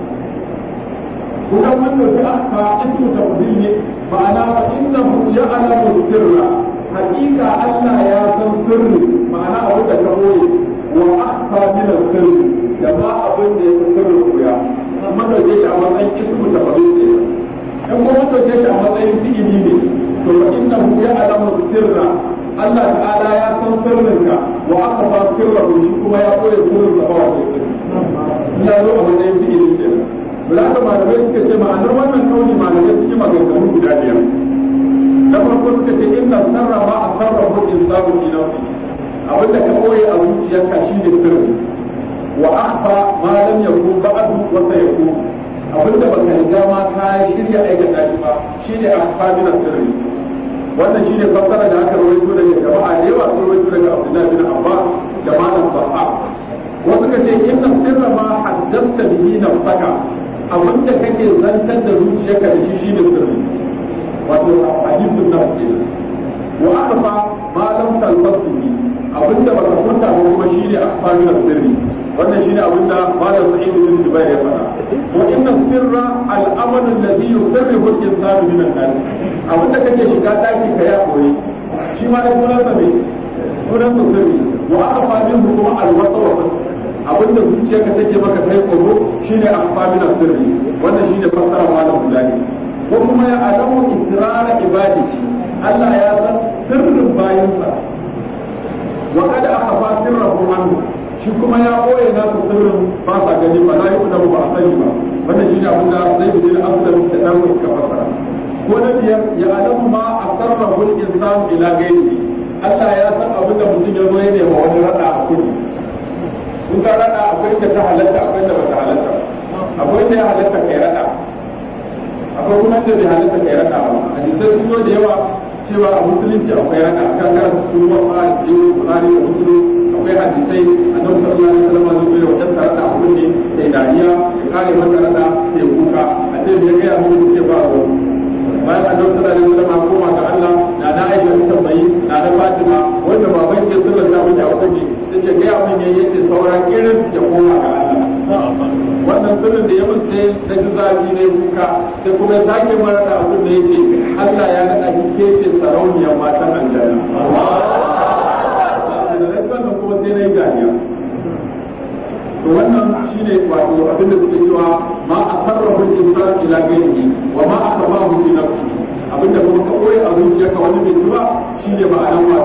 kuma wannan ta aka ismu tawdil ne ma'ana fa innahu ya'lamu sirra hakika Allah ya san sirri ma'ana a wanda ka boye wa akfa min sirri da ba abin da ya san sirri kuya amma da yake a matsayin ismu tawdil ne in kuma wanda yake a matsayin fi'ili ne to fa innahu ya'lamu sirra Allah ta'ala ya san sirrinka wa akfa sirra kuma ya koyi sirrin da ba wa ya zo a matsayin fi'ili ne da haka malamai suka ce ma'anar wannan kauli malamai suke maganganu guda biyar na farko suka ce in inna sarrafa a sarrafa insabu fi nafsi abin da ka koye a zuciyarka shi ne sirri wa ahfa ma lam yakun wata ya sayakun abin da baka riga ma ka shirya aikata shi ba shi ne a ahfa na sirri wannan shi ne fassara da aka rawaito daga jama'a da yawa sun rawaito daga Abdullahi bin Abbas da Malam Baha wasu ka ce in inna sirra ma haddathta bihi saka. abin da kake zantar da zuciyarka da shi shine sirri wato hadisin nan kenan wa akhfa ma lam talfasu abin da baka kunta ba kuma shi ne shine akhfarin sirri wannan shine abin da malam sa'id bin jubair ya faɗa wa inna sirra al-amal alladhi yusirruhu al-insanu min an-nas abin da kake shiga daki ka ya koyi shi ma da sunan sa ne sunan sirri wa akhfa minhu kuma al-wasa wa abin da zuciya ka take maka kai koro shine amfani da sirri wannan shine fassara malam bulani ko kuma ya adamu israra ibadi Allah ya san sirrin bayansa wa kad akhfa sirrahu anhu shi kuma ya koye na su sirrin ba sa gani ba la yuqdaru ba sani ba wannan shine abin da zai bi da abin da muke dawo ka fassara ko na biyar ya adamu ma asarrahu al-insan ila gairi Allah ya san abin da mutum ya zo yana nema wani rada a kudi in ka rada akwai da ta halatta akwai da bata halatta akwai da ya halatta kai rada akwai kuma da bai halatta kai rada ba hadisai sun zo da yawa cewa a musulunci akwai rada kan karanta suruwa ma a cikin bukhari da muslim akwai hadisai a nan sallallahu alaihi wasallam zai bai wajen rada a kunne da dariya da kare masa rada da kuka a ce bai ga ya mu ce ba ruwa bayan a nan sallallahu alaihi wasallam koma ga Allah na na aika tambayi na na Fatima wanda baban ke sallallahu a wasallam da gaya min yayi ce saura irin ya koma ga Allah wannan sunan da ya min sai ji zafi ne kuka sai kuma ya sake mara da abin da yake Allah ya nada ki ke sarauniyar matan aljanna wannan kuma sai na yi to wannan shine wato suke cewa ma insan ila wa ma abinda kuma ka a ya ka wani bai ba shine ma'anar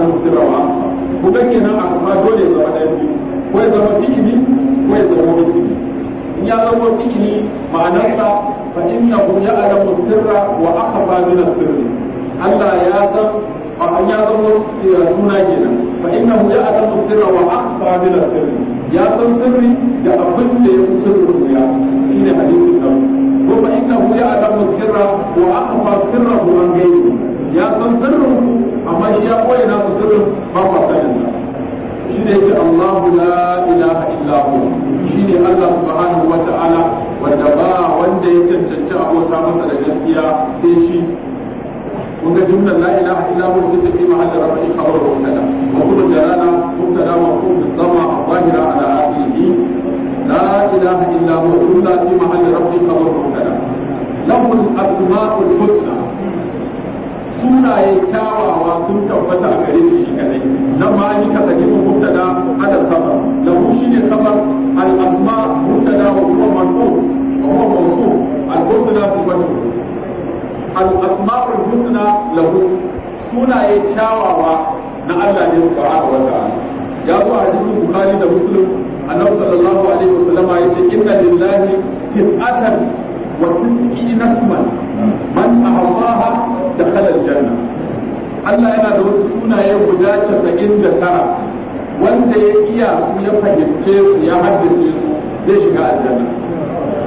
wato a kuma kenan a kuma dole zama ɗaya biyu ko ya zama fi'ili ko ya zama wasili in ya zama fi'ili ma'anarsa fa innahu ya'lamu sirra wa akhfa min sirri Allah ya san a an ya zama suna kenan fa innahu ya'lamu sirra wa akhfa min sirri ya san sirri da abin da ya fi sirrin ya shine hadisin nan ko fa innahu ya'lamu sirra wa akhfa sirrahu an gairi ya san sirrin amma shi ya koya na mutum ba kwa sanin shi ne ce Allahu la ilaha illa hu shi ne Allah subhanahu wa ta'ala wanda ba wanda ya cancanci abota masa da gaskiya sai shi kun ga jumlar la ilaha illa hu da take mahalla rafi khabar wa kana wa kullu jalala mubtada wa kullu dhamma zahira ala akhirih la ilaha illa hu jumla fi mahalla rafi khabar da. kana lahu al-asma'ul husna sunaye kyawawa sun tabbata a gare shi kadai nan ma an yi kasance ko mubtada ala sabab lahu shine sabab al amma mubtada wa kuma marfu wa huwa mawsu al mubtada sifatu al asma'ul husna lahu sunaye kyawawa na Allah ne subhanahu wa ta'ala ya zo a hadisin bukhari da muslim annabi sallallahu alaihi wasallam ya ce inna lillahi tis'atan وتسقي نسما من da دخل الجنة Allah yana da wasu sunaye guda casa'in da tara wanda ya iya su ya fahimce su ya haddace su zai shiga aljanna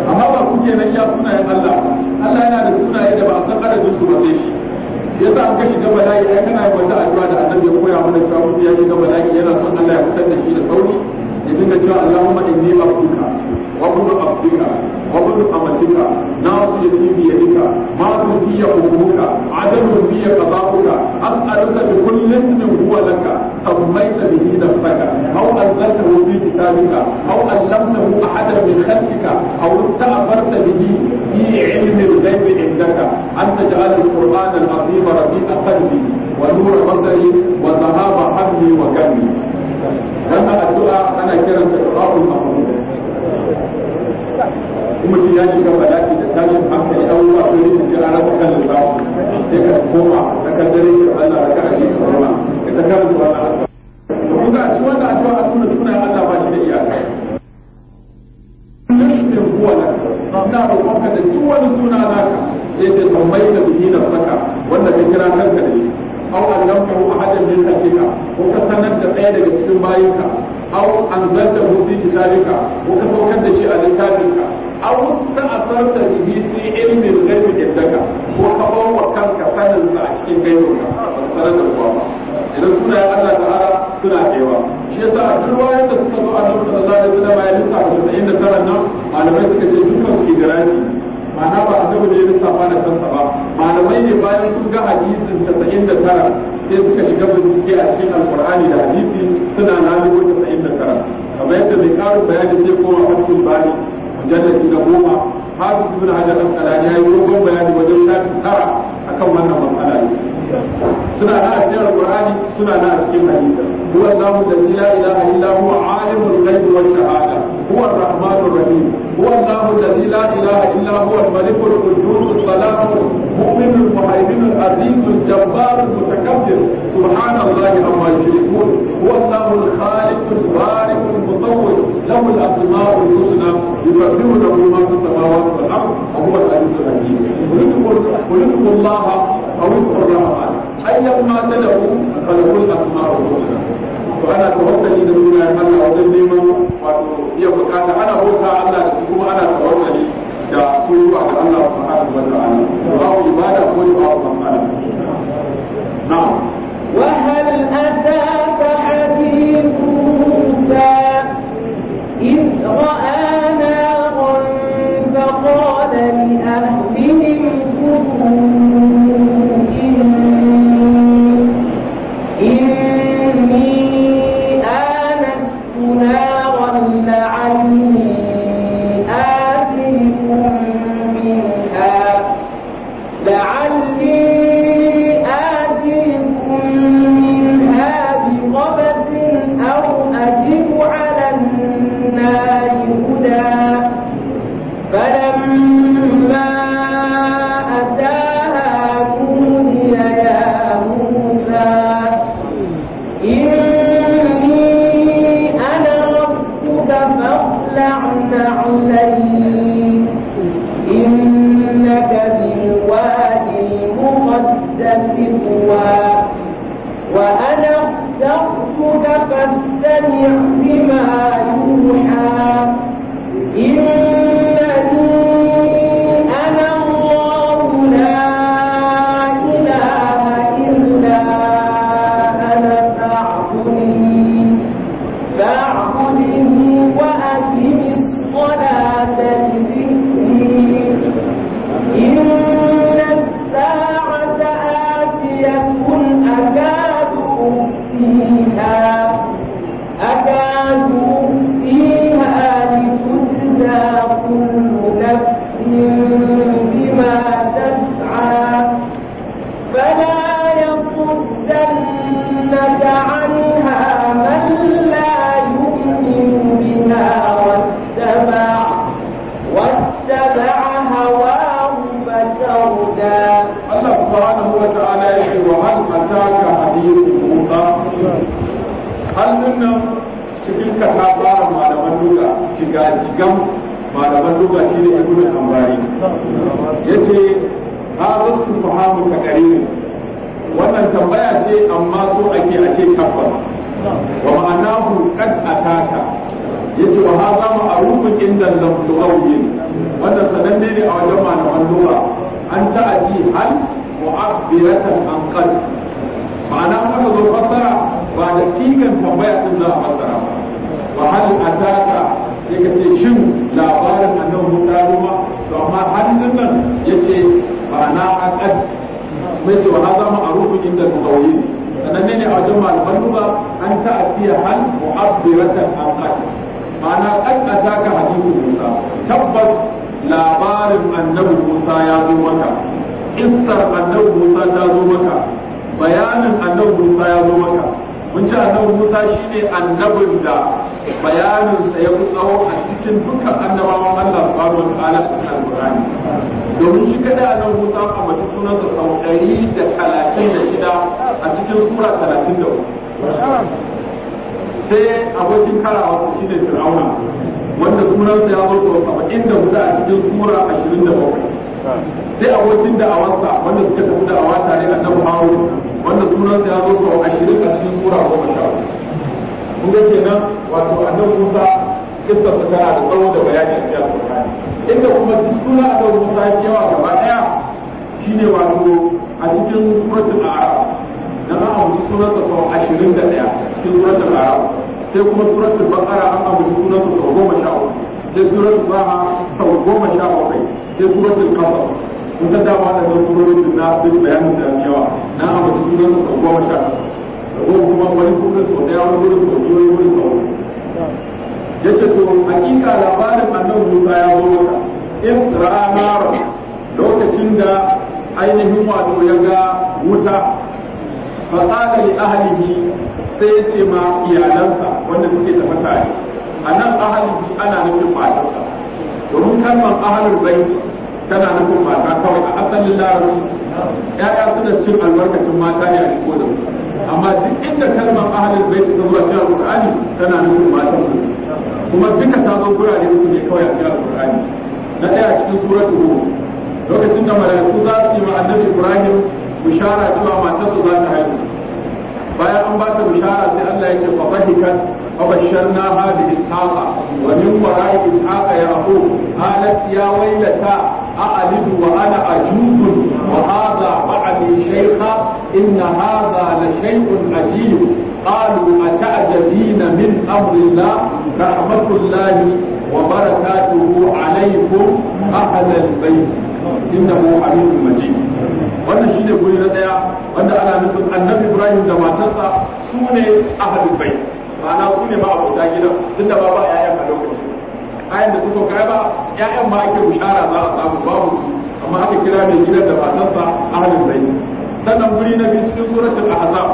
amma ba ku kenan ya sunayen Allah Allah yana da sunaye da ba a san adadin su ba sai shi yasa an kashi ga bala'i ai kana yi wata addu'a da annabi ya koya mana cewa mutum ya shiga bala'i yana son Allah ya fitar da shi da sauri ya dinga cewa Allahumma inni abduka قبل أبدك قبل أمتك ناصر بيدك ما في حكمك عدل في قضاؤك أسألك بكل اسم هو لك سميت به نفسك أو أنزلته في كتابك أو علمته أحدا من خلقك أو استأثرت به في علم الغيب عندك أن تجعل القرآن العظيم ربيع قلبي ونور بصري وزمان sa'altahum an qad ma'ana haka zo fassara ba da cikin tambaya din za a fassara ba wa hal ataka sai ka ce shin labarin annabi mun dawo ba to amma hadisin nan yace ma'ana aqad mai ce wa hadha ma'rufun inda mutawayyin sananne ne a wajen malaman duba an ta'atiya hal mu'abbiratan an qad ma'ana qad ataka hadithu Musa tabbas labarin annabi Musa ya zo maka kissar annabi Musa ta zo maka bayanin annabi Musa ya zo maka mun ci annabi Musa shine annabin da bayanin sa ya tsawo a cikin dukkan annabawan Allah subhanahu wataala a cikin Al-Qur'ani domin shi kada annabi Musa a mace sunan sa sau da talatin da shida a cikin sura 34 da sai abokin karawa shi ne Fir'auna wanda sa ya zo sau saba'in da hudu a cikin sura ashirin da sai a wajen da awarsa wanda suka tafi da awa tare a dan hawo wanda sunansa ya zo a shirin a cikin a goma sha kun ga kenan wato annabi Musa kissa ta tana da tsawo da bayanin a cikin Qur'ani inda kuma duk suna annabi Musa ya yawa gaba daya shine wato a cikin suratul A'raf dan an ambaci sunansa sau ashirin da daya cikin suratul A'raf sai kuma suratul Baqara an ambaci sunansa sau goma sha uku sai suratul baha sau goma sha bakwai sai suratul kafar kun san dama da wasu surorin na sun bayanin da yawa na ambaci surorin sau goma sha da kuma kuma wani kuma sau daya wani wurin sau biyu wurin sau ya ce to hakika labarin annabi Musa ya zo maka in ra'a mara lokacin da ainihin wato ya ga wuta fa qala li ahlihi sai ya ce ma iyalansa wanda suke ta tare a nan ahalihi ana nufin matarsa domin kalmar ahalul bai tana nufin mata kawai a asalin larabci ya'ya suna cin albarkacin mata ne a riko da amma duk inda kalmar ahalul bai ta zuwa cikin alkur'ani tana nufin matan su kuma duka sabon gurare su ne kawai a cikin alkur'ani na ɗaya cikin suratul ruh lokacin da malaiku za su yi wa annabi ibrahim bishara cewa matarsa za ta haihu bayan an ba ta bishara sai Allah ya ce fa فبشرناها بإسحاق ومن وراء إسحاق يعقوب قالت يا ويلتى أألد وأنا أجوز وهذا بعدي شيخا إن هذا لشيء عجيب قالوا أتعجبين من أمر الله رحمة الله وبركاته عليكم أهل البيت إنه حميد مجيد wannan shine guri na daya wanda ana nufin annabi Ibrahim da matarsa su ne ahlul bait ma'ana ku ne ma abota gidan tun da ba ba a lokaci kayan da suka kai ba ƴaƴan ma ake bishara za a samu babu amma aka kira mai gidan da matansa ahlul bayt sannan guri na biyu cikin suratul ahzab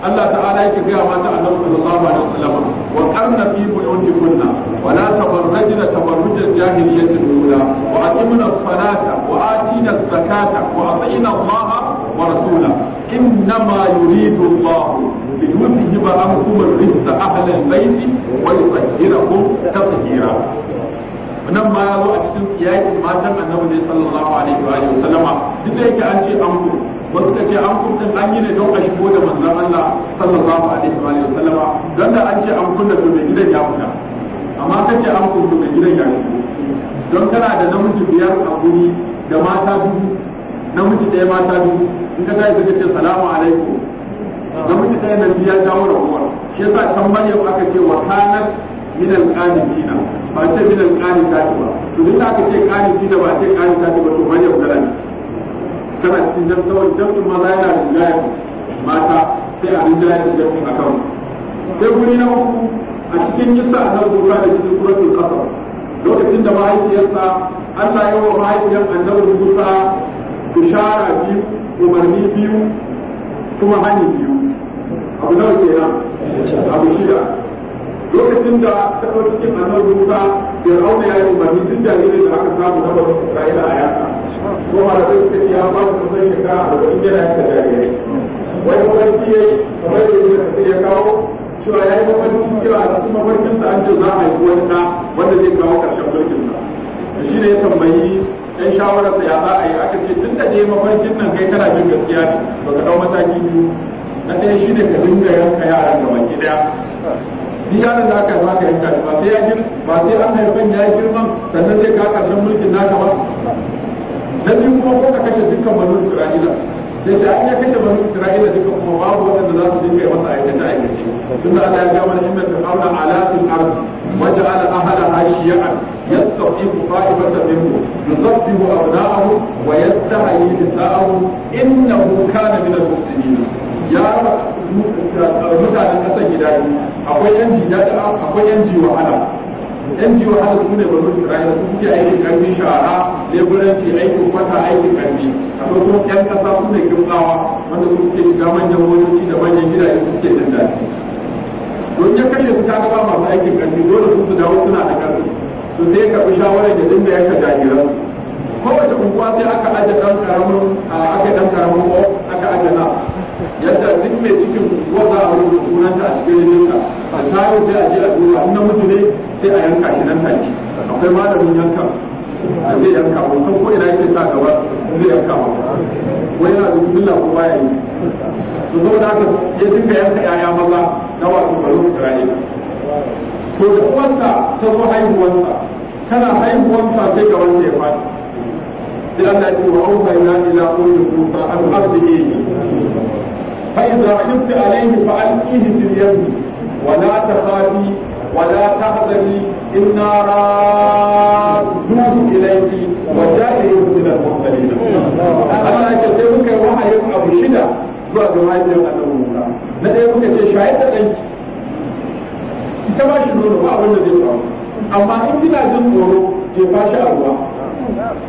Allah ta'ala yake gaya mata annabi sallallahu alaihi wasallam wa qarna fi buyutikunna wa la tabarrajna tabarruj al-jahiliyyah al-ula wa aqimna as-salata wa atina az-zakata wa atina Allah wa rasulahu innama yuridu Allah ما أمكم الرجس أهل البيت ويطهركم تطهيرا nan ma ya zo a cikin yakin matan annabi ne sallallahu alaihi wa alihi wasallama duk da yake an ce an kur wasu ka ce an kur din an yi ne don a shigo da manzon Allah sallallahu alaihi wa sallam wasallama don da an ce an kunna to mai gidan ya fita amma ka ce an kur da mai gidan ya shigo don kana da namiji biyar a guri da mata biyu namiji ɗaya mata biyu in ka tashi ka ce salamu alaikum domin ita yana biya jawo da umar shi yasa can maryam aka ce wa kanat min al-qanitina ba ce min al-qanita ba to duk aka ce qanitina ba ce qanita ba to maryam kana ne kana cikin dan saboda dan maza yana da gaya mata sai a rinjaya da jami'in akan sai guri na uku a cikin kisa a nan gura da cikin suratul qasas lokacin da mahaifiyarsa Allah ya yi wa mahaifiyar annabi Musa bishara biyu umarni biyu kuma hanyar biyu abu nawa ke nan abu shida lokacin da ta ɗauki cikin annabi rusa da rauna ya yi umarni tun da yake da aka samu na bazu Isra'ila a yasa ko ma da sai sai ya ba su sai shekara arba'in yana jari jarirai wani mafarki ya yi kamar da yake da ya kawo cewa ya yi mafarki cewa a cikin mafarkin sa an ce za a yi wani wanda zai kawo ƙarshen mulkin sa shi ne ya tambayi sai shawarar sa ya za a yi aka ce tun da je mafarkin nan kai kana jin gaskiya ne ba ka dau mataki biyu na ɗaya shi ne ka dinga yanka yaran da baki ɗaya ni yaran da aka ba ka yanka shi ba sai ya girma ba sai an haifan ya yi girman sannan sai ka ƙarshen mulkin naka ba na biyu kuma ko ka kashe dukkan banu isra'ila sai ce an ya kashe banu isra'ila duka kuma babu waɗanda za su dinga yi masa aikace aikace tun da ala ya ga mana inna fir'auna ala fil ardi wajen ja'ala ahlaha shi'an يستحيب طائفة منهم يصبح أبناءهم ويستحيي نساءهم إنه كان من المفسدين يا mutanen ƙasar gida ne akwai yan jiya da akwai yan ji wahala yan ji wahala su ne bari su rayu su aikin karfi shara leburanci aikin kwata aikin karfi akwai kuma ƙasa su ne wanda su da gidaje don ya kashe su ta gaba masu aikin karfi dole su su dawo suna da karfi su sai ka bi shawarar da dinga yanka jahilan kowace unguwa sai aka aje dan karamin aka dan karamin ko aka aje na yadda duk mai cikin unguwa za a rubuta ta a cikin rijista a taro sai a je a duba in namiji ne sai a yanka shi nan take akwai malamin yankan a zai yanka mu san ko ina yake sa gaba zai yanka mu ko yana da billa ko baya ne to saboda haka ya dinga yanka yaya maza na wato baro Isra'ila to da ta zo haihuwarsa tana haihuwarsa sai ga wanda ya fadi sai Allah ce wa auka ila ila kulli musa an ardihi fa idza khifti alayhi fa alqihi fil yam wa la takhafi wa la tahzani inna radduhu ilayki wa ja'iluhu min al-mursalin Allah ya ce muka wahayin abu shida zuwa ga mahaifiyar annabi Musa na dai muka ce shahid da danki ta ba shi nono ba wanda zai kawo amma in kina jin tsoro ke ba shi a ruwa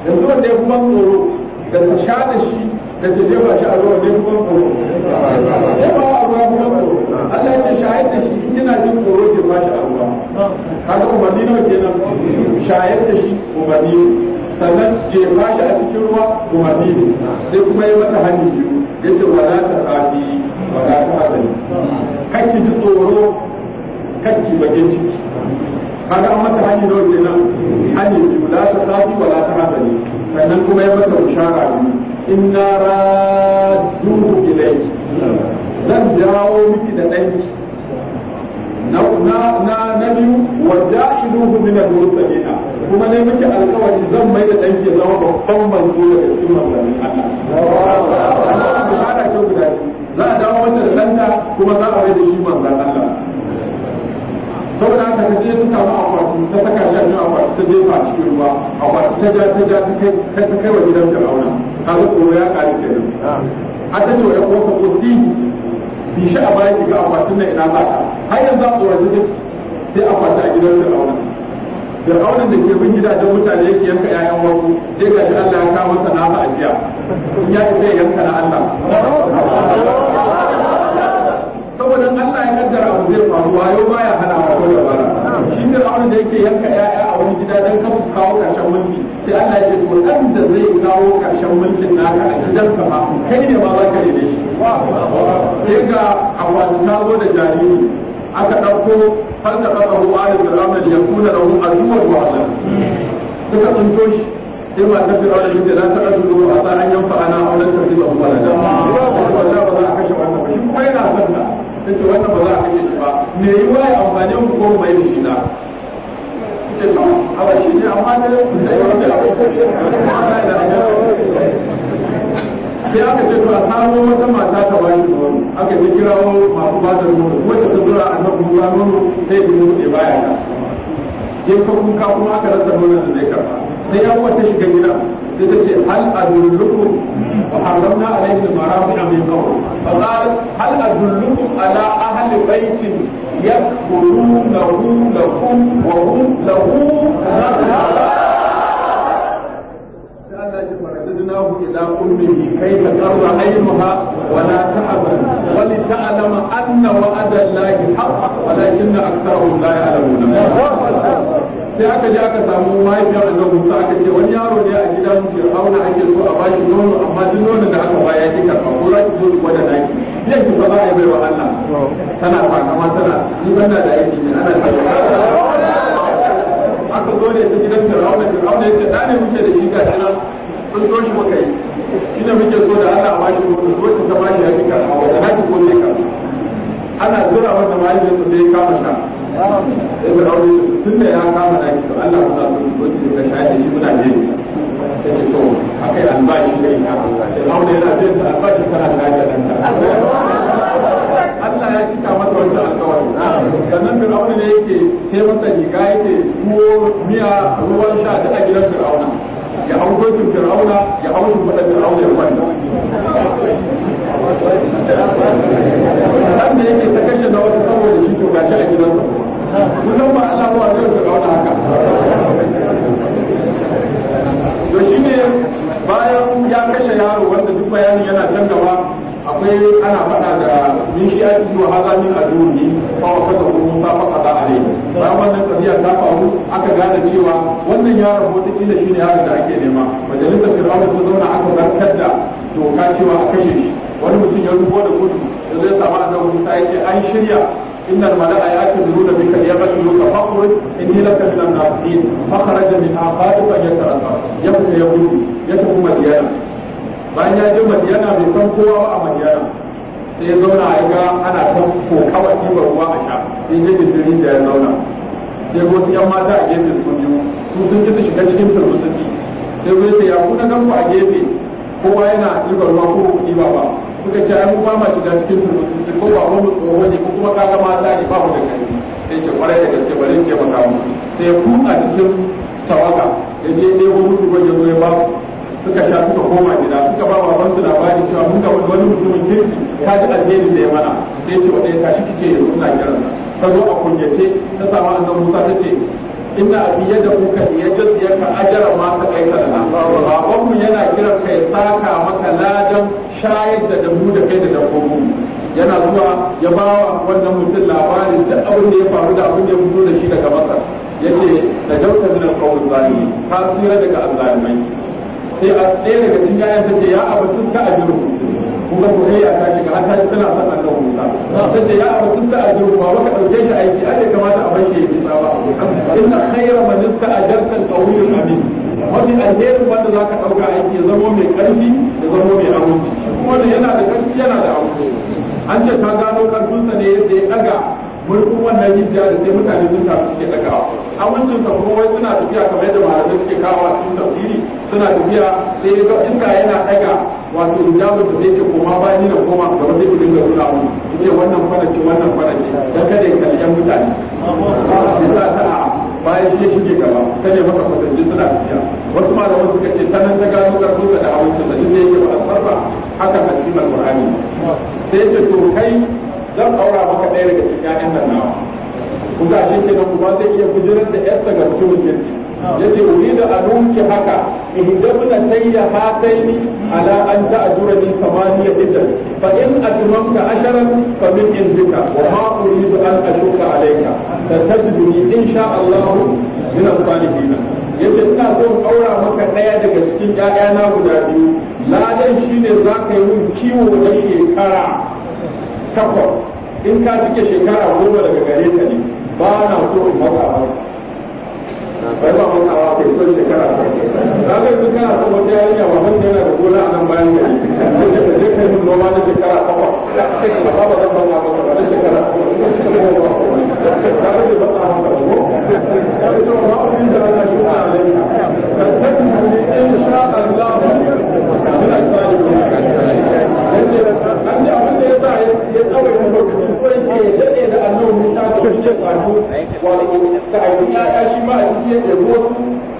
yanzu wanda ya kuma tsoro da ta sha da shi da ta jefa shi a ruwa zai kuma tsoro ya ba a ruwa kuma tsoro Allah ya ce shayar da shi in kina jin tsoro ke ba a ruwa kaga umarni nawa kenan shayar da shi umarni sannan jefa shi a cikin ruwa umarni ne sai kuma ya mata hannu biyu yace za ta kafi wala ta kai ki ji tsoro kacci bakin ciki kaga an masa hanyar nawa kenan hanyar biyu la ta safi wa la ta hazani sannan kuma ya masa bishara biyu inna raduhu ilayki zan dawo miki da ɗanki na na na na biyu wa ja'iluhu min al-mursalin kuma ne miki alƙawari zan mai da ɗanki ya zama babban manzo da cikin manzannin Allah ana bishara ce guda za a dawo mata da ɗanta kuma za a mai da shi manzon Allah saboda haka ta je ta samu akwati ta saka shi a cikin akwati ta jefa a cikin ruwa akwati ta ja ta ja ta kai wa gidan fir'auna kaga tsoro ya kare kenan a ta ce wa ɗan uwansa ko ti bi shi a bayan shiga akwatin nan ina za ka har yanzu a tsoron jikin sai akwati a gidan fir'auna fir'aunin da ke bin gidajen mutane yake yanka ƴaƴan wasu sai ga shi Allah ya kawo masa nasa ajiya in ya ce yanka na Allah saboda Allah ya kaddara abu zai faru wayo ya hana fir'auna da yake yanka ƴaƴa a wani gida don kafa kawo karshen mulki sai Allah ya ce to dan da zai kawo karshen mulkin naka a gidan ka ma kai ne ma za ka yi da shi sai ga akwati ta zo da jariri aka ɗauko fanta kasa ruwaya fir'auna da ya kuna da hu azuwar wa'ala suka tsinto shi sai ma ta da shi da ta ɗauko da wa'ala an yanfa ana a ta tafi ba mu wala da ba za a kashe wannan ba shi kuma yana son ta ta ce wannan ba za a kashe shi ba me yi wa ya amfani ko bai shi na sai aka ce a samu wata mata ta bayi aka yi kirawo masu ba da nono wacce ta zura a nan kuma nono sai ta nono baya ka ya kuka kuma aka rasa nono da zai karfa sai yan wata shiga gida sai ta ce hal adullukum wa harramna alaihim marafi'a min qawl fa qalat hal adullukum ala ahli baitin yakfurunahu lakum wa hum lahu إلى أمه كي تقر عينها ولا تحزن ولتعلم أن وعد الله حق ولكن أكثرهم لا يعلمون sai aka je aka samu mahaifiyar annabi Musa aka ce wani yaro ne a gidan Fir'auna ake so a bashi nono amma duk nono da aka baya ki karɓa ko za ki zo ki gwada naki zai ki ba yi baiwa wahala tana fakama tana ni bana da aiki ne ana ta aka zo ne ta gidan Fir'auna Fir'auna ya ce da ne muke da shi ga tana sun zo shi muka yi shi ne muke so da ana a bashi nono zo ki ta bashi ya ki karba wanda naki ko ne karba ana zura wanda mahaifiyarsa sai ya kama sha ibn tun da ya kama da Allah ya su gudu da shaye shi sai to akai albashi albashi kana da Allah ya alƙawari sannan ne yake sai masa riga yake tuwo miya ruwan sha da gidan fir'auna ya hau gocin fir'auna ya hau fir'auna ya kwanta dan da yake ta da wata saboda shi to gashi a gidansa kullum ba Allah ba zai su kauna haka to bayan ya kashe yaro wanda duk bayanin yana can gaba akwai ana faɗa da min shi a cikin wahala min aduni fa wa kada kuma mun safa kada ale bayan wannan tafiya ta faru aka gane cewa wannan yaron wata kila shine yaron da ake nema majalisar fir'auna ta zauna aka zartar da doka cewa a kashe shi wani mutum ya rubo da kudu da zai samu a Musa ya ce an shirya إن الملأ يأكلون بك يقتلوك فاخرج إني لك من الناصحين فخرج منها خائفا يترقى يبكي يقول يترك مديانا bayan ya je madiyana bai san kowa ba a madiyana sai ya zauna a ga ana ta kokawa kibar ruwa a sha sai ya je jirgin da ya zauna sai wasu yan mata a gefe su biyu su sun ji su shiga cikin turmutsutsi sai zai ce ya kuna nan a gefe kowa yana kibar ruwa ko ku kiba ba suka ce an ba ma shiga cikin su ko ba wani tsoro ne ko kuma kaga mata ne ba ku da kai sai ke kwarai da gaske bari ke maka mu sai ku a cikin tawaga da je ne ko mutu ko ne ba suka sha suka koma gida suka ba wa wasu labari cewa mun ga wani mutumin kirki ka ji alheri da ya mana sai ce wani ka shi kike yanzu na kiran ta zo a kunyace ta sama annabi Musa ta ce inna abi da kuka ya ya ka ajara ma ka kai kana baban mu yana kiran kai saka maka ladan shayar da dabu da kai da dabbobi yana zuwa ya bawa wannan mutum labarin da abin da ya faru da abin da ya fito da shi daga masa yake da jauka min alqawl zalimi ka tsira daga azzalimai sai a ɗaya daga cikin yayan ta ya abatun ta ajiru kuma ko ne ya tashi ga ta tana son Allah Musa ta ce ya abatun ta ajiru ba baka dauke shi aiki ai kamata a bar shi ya yi tsawa inna khayra man ista'jarta al-qawiyyu amin wani alherin wanda za ka ɗauka aiki ya zama mai ƙarfi ya zama mai aminci kuma yana da ƙarfi yana da aminci an ce ta gano ƙarfinsa ne yadda ya ɗaga mun kuma wannan rijiya da sai mutane sun tafi suke dagawa a wancan kan kuma wai suna tafiya kamar yadda malamai suke kawo sun tafsiri suna tafiya sai ga inda yana daga wato hijabin da zai ce koma ba ni na koma da wanda ke dinga nuna mu ce wannan farace wannan farace dan kada ya kalli yan mutane ba ta a bayan shi shige gaba ta ne maka kwatanci suna tafiya wasu malaman suka ce sanan ta gano karfinsa da hawancin da duk da yake ba a sarfa haka a cikin alƙur'ani sai ce to kai zan ɗaura maka ɗaya daga cikin ƴaƴan nan nawa ku ga shi kenan kuma zai iya kujerar da ƴarsa ga mutumin kirki yace uridu an unki haka Idan ihdabna sayya hataini ala an ta'jura min thamaniya iddan fa in atmamta asharan fa min indika wa ma uridu an ashuka alayka satajiduni insha Allah min as-salihin yace ina so in aura maka ɗaya daga cikin ƴaƴana guda biyu ladan shine zaka yi min kiwo na shekara takwas in ka cike shekara goma daga gare ka ne ba na so in maka ba bai ba da gona a nan bayan noma na shekara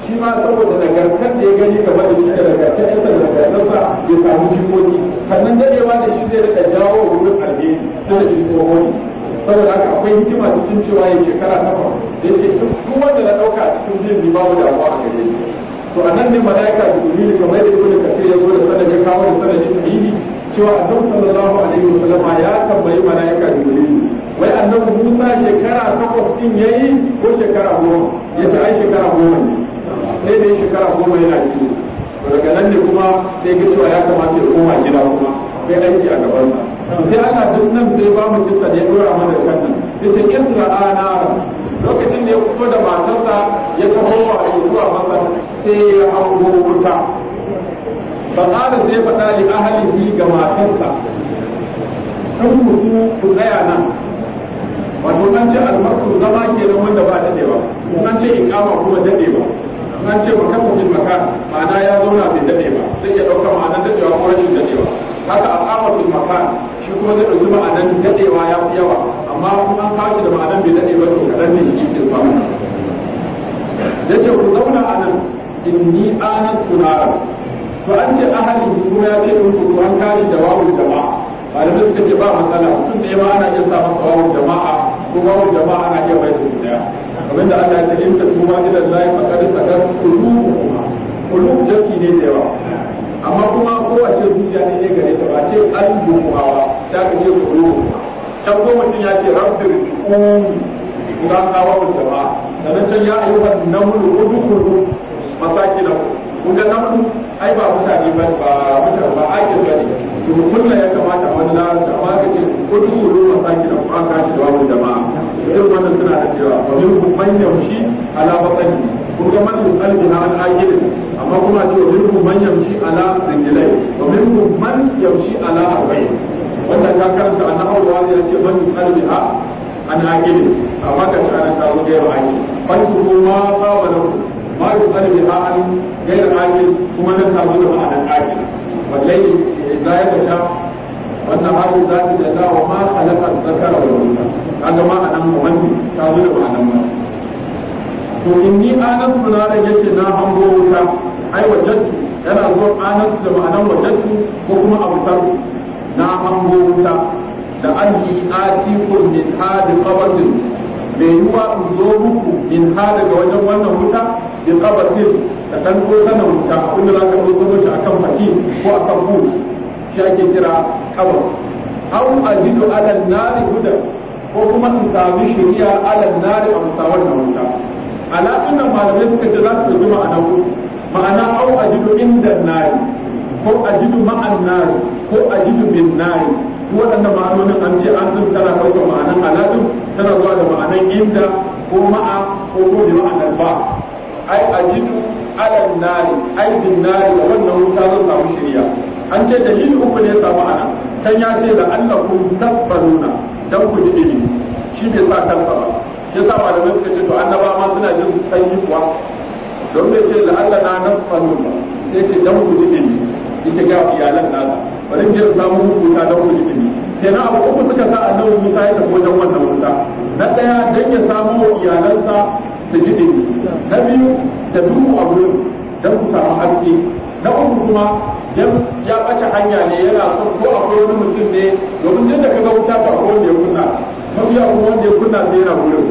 shi ma saboda nagartar da ya gani da shi da nagartar ita da ya samu jikoki sannan da shi zai rika jawo wurin alheri akwai hikima cikin cewa ya shekara na ɗauka cikin babu a gare to a nan ne malaika da kuma kamar yadda ibnu kasir ya sanadin kawo da sanadin cewa annabi sallallahu alaihi wa sallam ya tambayi malaika jibril wai annabi Musa shekara takwas din yayi ko shekara goma yace ai shekara goma ne sai dai shekara goma yana ci daga nan ne kuma sai ga cewa ya kamata ya koma gida kuma sai aiki a gaban sa sai ana duk nan sai ba mu kissa da ya dora mana kan nan yace isra anara lokacin da ya fito da matarsa ya kawo wa zuwa masa sai ya hango wuta فقال زي فتا لأهله كما تنسى تنسى كنيانا wato nan ce almarku zama ke nan wanda ba dadewa nan ce ikama kuma dadewa nan ce makamu bil makan ma'ana ya zauna bai dade ba sai ya dauka ma'anar dadewa ko rashin dadewa haka al'ama bil makan shi kuma zai dauki ma'anar dadewa ya fi yawa amma kuma an kawo da ma'anar bai dade ba to kadan ne yake cikin fa yace ku zauna a nan in inni anan kunara to an ce ahadi kuma ya ce in kuma an kare da wawul jama'a malamai suka ce ba matsala mutum da yawa ana iya sa masa wawul jama'a ko wawul jama'a ana iya bai su daya kamar da Allah ya ce in ta tuba ila Allah fa kad sakat qulubuhuma qulub jaki ne da yawa amma kuma kowace zuciya ne ne gare ta ba ce al-dumawa ta ka ce qulubuhuma can ko mutum ya ce rabbir qulubi kuma kawo jama'a sannan can ya ayyukan namulu udkhulu masakinahum kun ga nan ai ba mutane ba ba mutane ba ake ba ne to kunna ya kamata wani larabci amma ka ce ko duk wuri ma sake da kuma ka shi babu jama'a irin wannan suna da cewa ba min ku manya shi ala batsani kun ga man yusalli na an ajiri amma kuma ce min ku manya shi ala zangilai wa min ku man yamshi ala arba'in wannan ka karanta annabawa wani ya ce man yusalli ha an ajiri amma ka ci ana samu da yawa ake fa ma ba wa ma yuqalu bi a'lam ghayr aqil kuma nan samu da ma'anar aqil wallahi idza eh, ya ta wannan haru za ta da za wa ma khalaqa dhakara wal unsa kaga ma anan muwanni samu da ma'anar ma to in inni anas na da yace na hango wuta ai wajadtu yana anan su da ma'anar wajadtu ko kuma a wutar na hango wuta da anni atikum min hadi qabatin mai yiwa in zo muku in ha daga wajen wannan wuta bi qabatin da dan ko sanan wuta inda da ka zo shi akan baki ko akan ku shi ake kira qabar aw ajidu ala nari huda ko kuma in sami shari'a ala nari a musawar da wuta ala inna malamai suka ce za su yi ma'ana ku ma'ana aw ajidu inda nari ko ajidu ma'an nari ko ajidu bin nari waɗannan ma'anonin an ce an sun tana ɗaukar ma'anan al'adun, tana zuwa da ma'anan inda ko ma'a ko ko da ma'anar ba ai ajidu alal nari ai bin nari wannan wuta zan samu shirya an ce da dalili uku ne samu ana san ya ce da allakum tabbaluna dan ku ji ilimi shi bai sa kansa ba ya sa malamai suka ce to annaba ma suna jin sanyi kuwa don bai ce da Allah na nan sai ce dan ku ji ilimi ita ga iyalan nasa bari je samu rubuta dan ku ji ilimi sai na abu uku suka sa annabi Musa ya tafi wajen wannan wuta na daya dan ya samu iyalansa da na biyu da duhu a wurin don ku samu haske na uku kuma dan ya ɓace hanya ne yana son ko akwai wani mutum ne domin yadda ka ga wuta ba ko wanda ya kunna mafi ko wanda ya kunna sai na wurin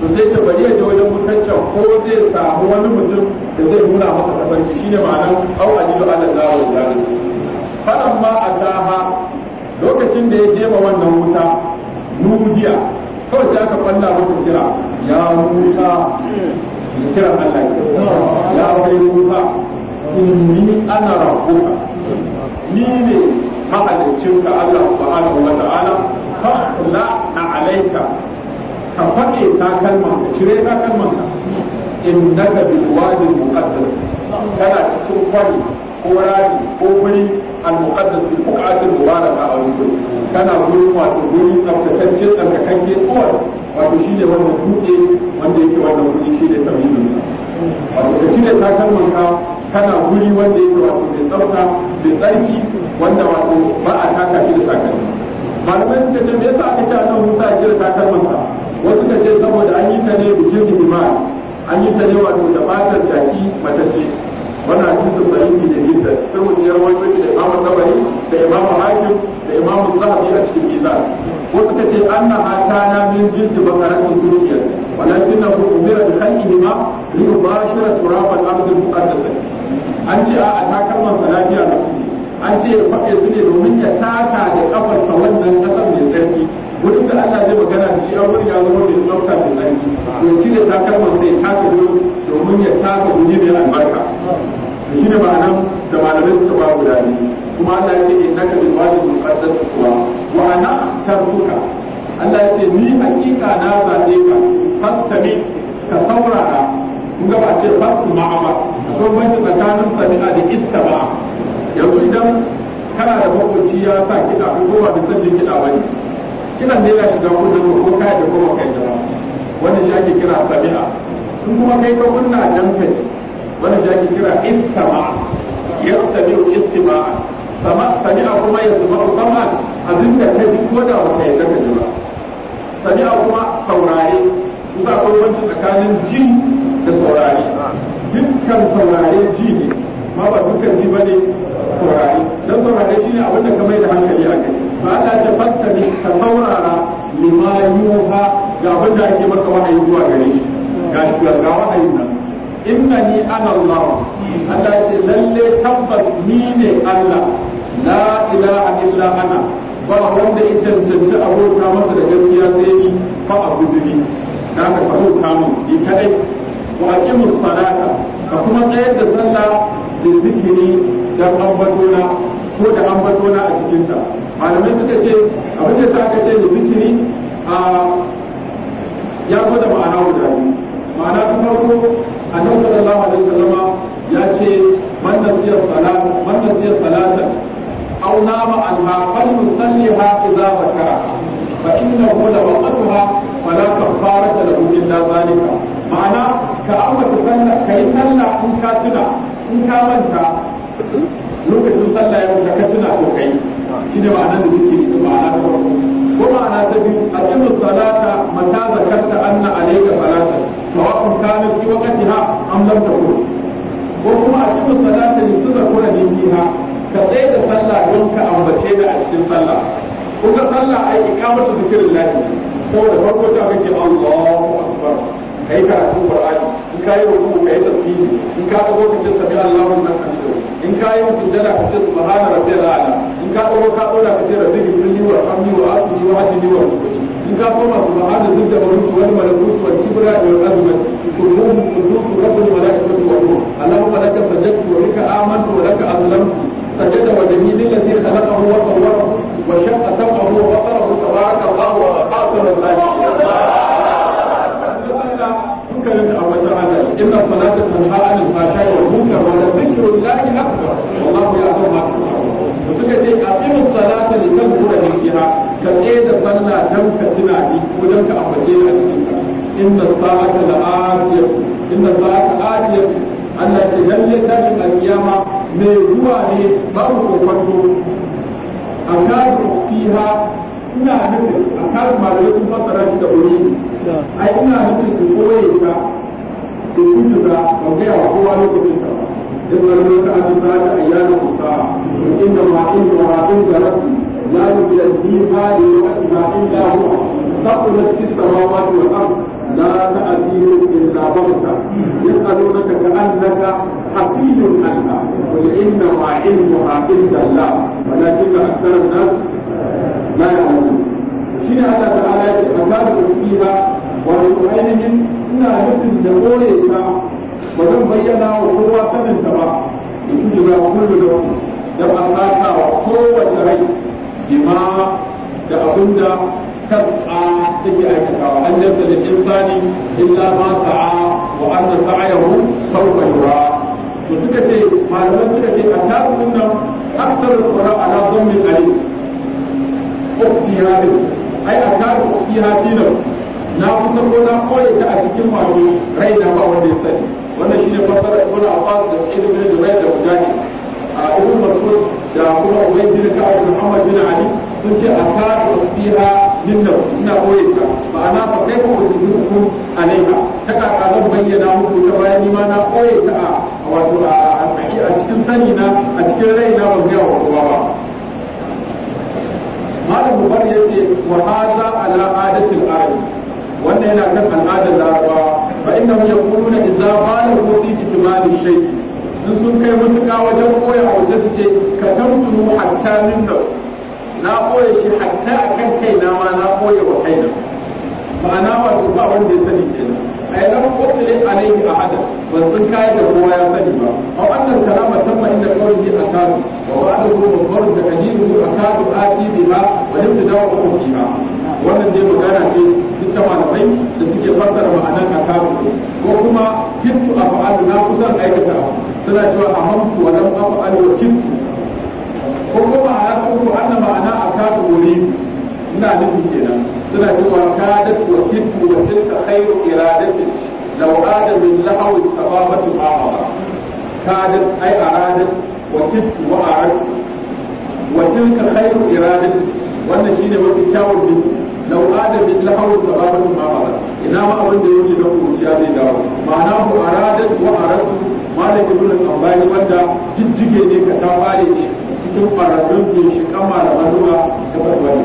to sai ta bari ya je wajen mutancan ko zai samu wani mutum da zai nuna masa tafarki shine ma'anar au ajidu ala zawo zalim faɗan ma a lokacin da ya jefa wannan wuta nudiya kawai sai aka kwalla muku kira ya musa da kira Allah ya kai musa inni ana rabbuka ni ne mahaliccinka Allah subhanahu wa ta'ala fasla alaika ka faɗe ta kalma ka cire ta kalman ka innaka bil wadi muqaddas kana cikin kwari ko rami ko guri al-muqaddas bi buqatil mubaraka a wurin kana gurin wato gurin tsaftatacce tsaftatacce kowar wato shi ne wannan dutse wanda yake wannan guri shi ne tauhidin wato ka cire takalman ka kana guri wanda yake wato mai tsafta mai tsarki wanda wato ba taka shi da takalma malamai suka ce me yasa aka ce annabi Musa ya cire takalman sa wasu ka ce saboda an yi ta ne bikin imani an yi ta ne wato da fatar jaki matacce wannan hadisin da yake da yinda saboda ya rawaito shi da Imam Tabari da Imam Hakim da Imam Zahabi a cikin Mizan ko suka ce annaha kana min jildi bakaratin duniyar walakinahu umira bi khalqihima li yubashira turab al-ard al-muqaddasa an ce a ta kalmar lafiya an ce ya faɗe su ne domin ya taka da kafarsa wannan kasar mai tsarki wani da Allah zai magana da shi an wani ya zama mai tsafta da tsari to shi da takalman sai taka zo domin ya taka guje mai albarka da shi da ma'anan da malamai suka ba guda ne kuma Allah ya ce innaka bil wadi muqaddas kuwa wa ana tarkuka Allah ya ce ni hakika na zabe ka fastami ka saurara kun ga ba ce fastu ma'a ba akwai ta tsakanin sami'a da istama'a yanzu idan kana da makoci ya sa kiɗa ko ba da sanin kiɗa ba ne kiran da yana shiga kunna ko ko kai da ko kai da wannan shi ake kira sami'a in kuma kai ka kunna dan kaci wannan shi ake kira istama yastami'u istima'a sama sami'a kuma yasma'u sama abinda kai ko da ba kai da kaji ba sami'a kuma saurare ba bambanci tsakanin ji da saurare dukkan saurare ji ne ma ba dukkan ji bane saurare dan saurare shine da ka mai da hankali a kai ba ta ce fatta ne ka saurara lima yuha ga wanda ake maka wahayi zuwa gare shi ga shi ga wahayin nan innani ana Allah Allah ce lalle tabbas ni ne Allah la ilaha illa ana ba wanda ya cancanci abota masa da gaskiya sai ni fa abu dubi da ka fahimta mun ni kadai wa aqimus salata ka kuma tsayar da sallah da zikiri da ambatona ko da ambatona a cikinta malamai suka ce abin da aka ce da zikiri a ya zo da ma'ana guda biyu ma'ana ta farko annabi sallallahu alaihi wasallama ya ce man nasiya salat man nasiya salatan aw nama anha fal yusalliha idza zakara fa innahu la waqtuha fala kafarata lahu illa zalika ma'ana ka ambata sallah kai sallah in ka tuna in ka manta lokacin sallah ya ka tuna ko kai shi ne ma'anar da suke yi ma'ana ta farko ko ma'ana ta biyu a cikin salata mata zakarta anna alayka salata sawa'un kana fi waqtiha am lam takun ko kuma a cikin salata ne suka kura ne fiha ka tsaya da sallah don ka ambace da a cikin sallah kuka sallah ai ikamatu zikrillah ko da farko ta kake Allahu akbar kai karatu qur'ani in ka yi ruku kai tafsiri in ka dago ka ce sabbi allahu nan ka ce in ka yi sujjada ka ce subhana rabbiyal ala in ka dago ka dora ka ce rabbi kulli wa hamdi wa asli wa ajli wa in ka koma subhana zidda wa ruku wal malakut wal kibra wal azmat kulluhum qudus rabbul malaikatu wa ruh allahumma laka sajadtu wa bika amantu wa laka aslamtu sajada wa jamilil ladhi khalaqahu wa sawwarahu wa shaqqa sam'ahu wa aqimu salata li tabura biha ka tsaya da sallah dan ka tuna ni ko dan ka ambace a cikin ka inna sa'ata la'atiyah inna sa'ata atiyah Allah ce lalle tashin alkiyama mai zuwa ne babu kokonto a kasu fiha ina nufin a kasu malamai sun fassara shi da wuri ai ina nufin su koye ta da kutuka ba gaya wa kowa lokacin ta ثم يوم أجبات أيامكم ساعة إنما عند وعند ربي لا يجزيها لوقتها إلا هو ثقلت في السماوات والأرض لا تأتيهم إلا بغتة يسألونك كأنك حفي عنها قل إنما علمها عند الله ولكن أكثر الناس لا يعلمون شيء الله تعالى يتحدث فيها ومن عينهم إنها مثل نقول ba zan bayyana wa kowa sanin ta ba in da kuma ya kullu da wannan da ba saka wa kowace rai bima da abinda kas'a take aikatawa an jasa da insani illa ma sa'a wa anna sa'ayahu sawfa yura to suka ce malaman suka ce a tasirin nan aksar kura a na zombin ali ƙoftiyari ai a tasirin ƙoftiyari nan na kusa ko na koya a cikin masu rai na ba wanda ya sani wannan shine fasara ibn abbas da ibn jubair da mujahid a ibn mas'ud da kuma ubay bin ka'ab muhammad bin ali sun ce akatu fiha min nafs ina koyi ta ma'ana fa kai ku ku alaika ta kaka zan bayyana muku ta bayan ni ma na koyi ta a wato a cikin sani na a cikin raina ban ga wa kowa ba malam bubar yace wa hadha ala adatil arab wannan yana kan al'adar larabawa fa innahu yaquluna idza qalu fi kitmani shay sun sun kai mutuka wajen koya wanda suke ka tantu hatta minna na koya shi hatta akan kaina ma na koya wa kaina ma'ana wato ba wanda ya sani kenan ai lam qutli alayhi ahada ban sun kai da kowa ya sani ba aw annal kalama tamma inda qawli akadu wannan dai magana ce duk ta malamai da suke fassara ma'anar a kafin ko kuma kintu a fa'alu na kusan aikata abu suna cewa a hamsu wa lam af'alu wa kintu ko kuma a ya tsoro annan ma'ana a kafin gori ina nufi kenan suna cewa kadat wa kintu wa tilka khairu iradatin law adamin lahawi sababatu amara kadat ai aradat wa kintu wa aradat وتلك خير إرادة wannan shi ne mafi kyawun biki lau ada bi lahawun da ba mutum ma ba ina ma abin da yake na kuruciya zai dawo ma'ana ku aradat wa aradu malik ibn al-ambani wanda jijjige ne ka ta bare ne cikin faradun da shi kama da manura da barbari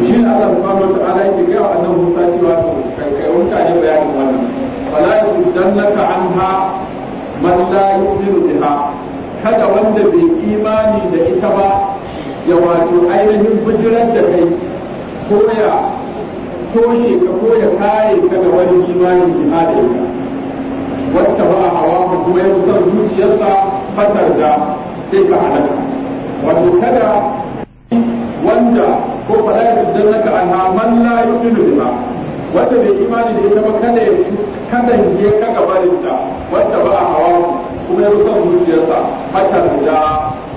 shi ne Allah subhanahu wa ta'ala yake ga annabi Musa cewa kai kai mutane bayanin wannan fala yudannaka anha man la yu'minu biha kada wanda bai imani da ita ba ya wato ainihin bijirar da kai ko ya toshe ka ko ya kare ka da wani imanin jihadin ka wata ba a hawa ba kuma ya san zuciyarsa fatar da sai ka halaka wato kada wanda ko fara ya fitar naka a man la ilu ba wanda bai imanin da ya zama kada ya kada ya ka gaba da wata ba a hawa kuma ya san zuciyarsa fatar da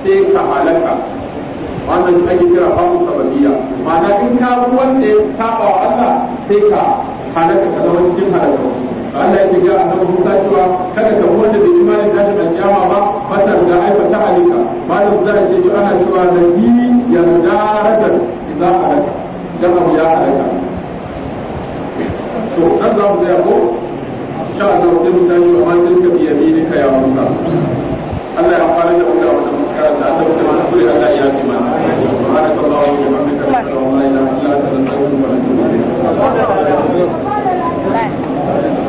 sai ka halaka wannan shi ake kira babu sababiyya ma'ana in ka wanda ya saba wa Allah sai ka halaka ka zama cikin halaka Allah ya ga annabi Musa cewa kada ka wanda bai imani da ta kiyama ba fatar da ai fata ba malam za a ce to ana cewa da bi yarda radar idza halaka dan abu ya halaka to dan za mu ga ko sha Allah sai mu tashi amma tilka bi yaminika ya Musa Allah ya fara da wanda. Thank you.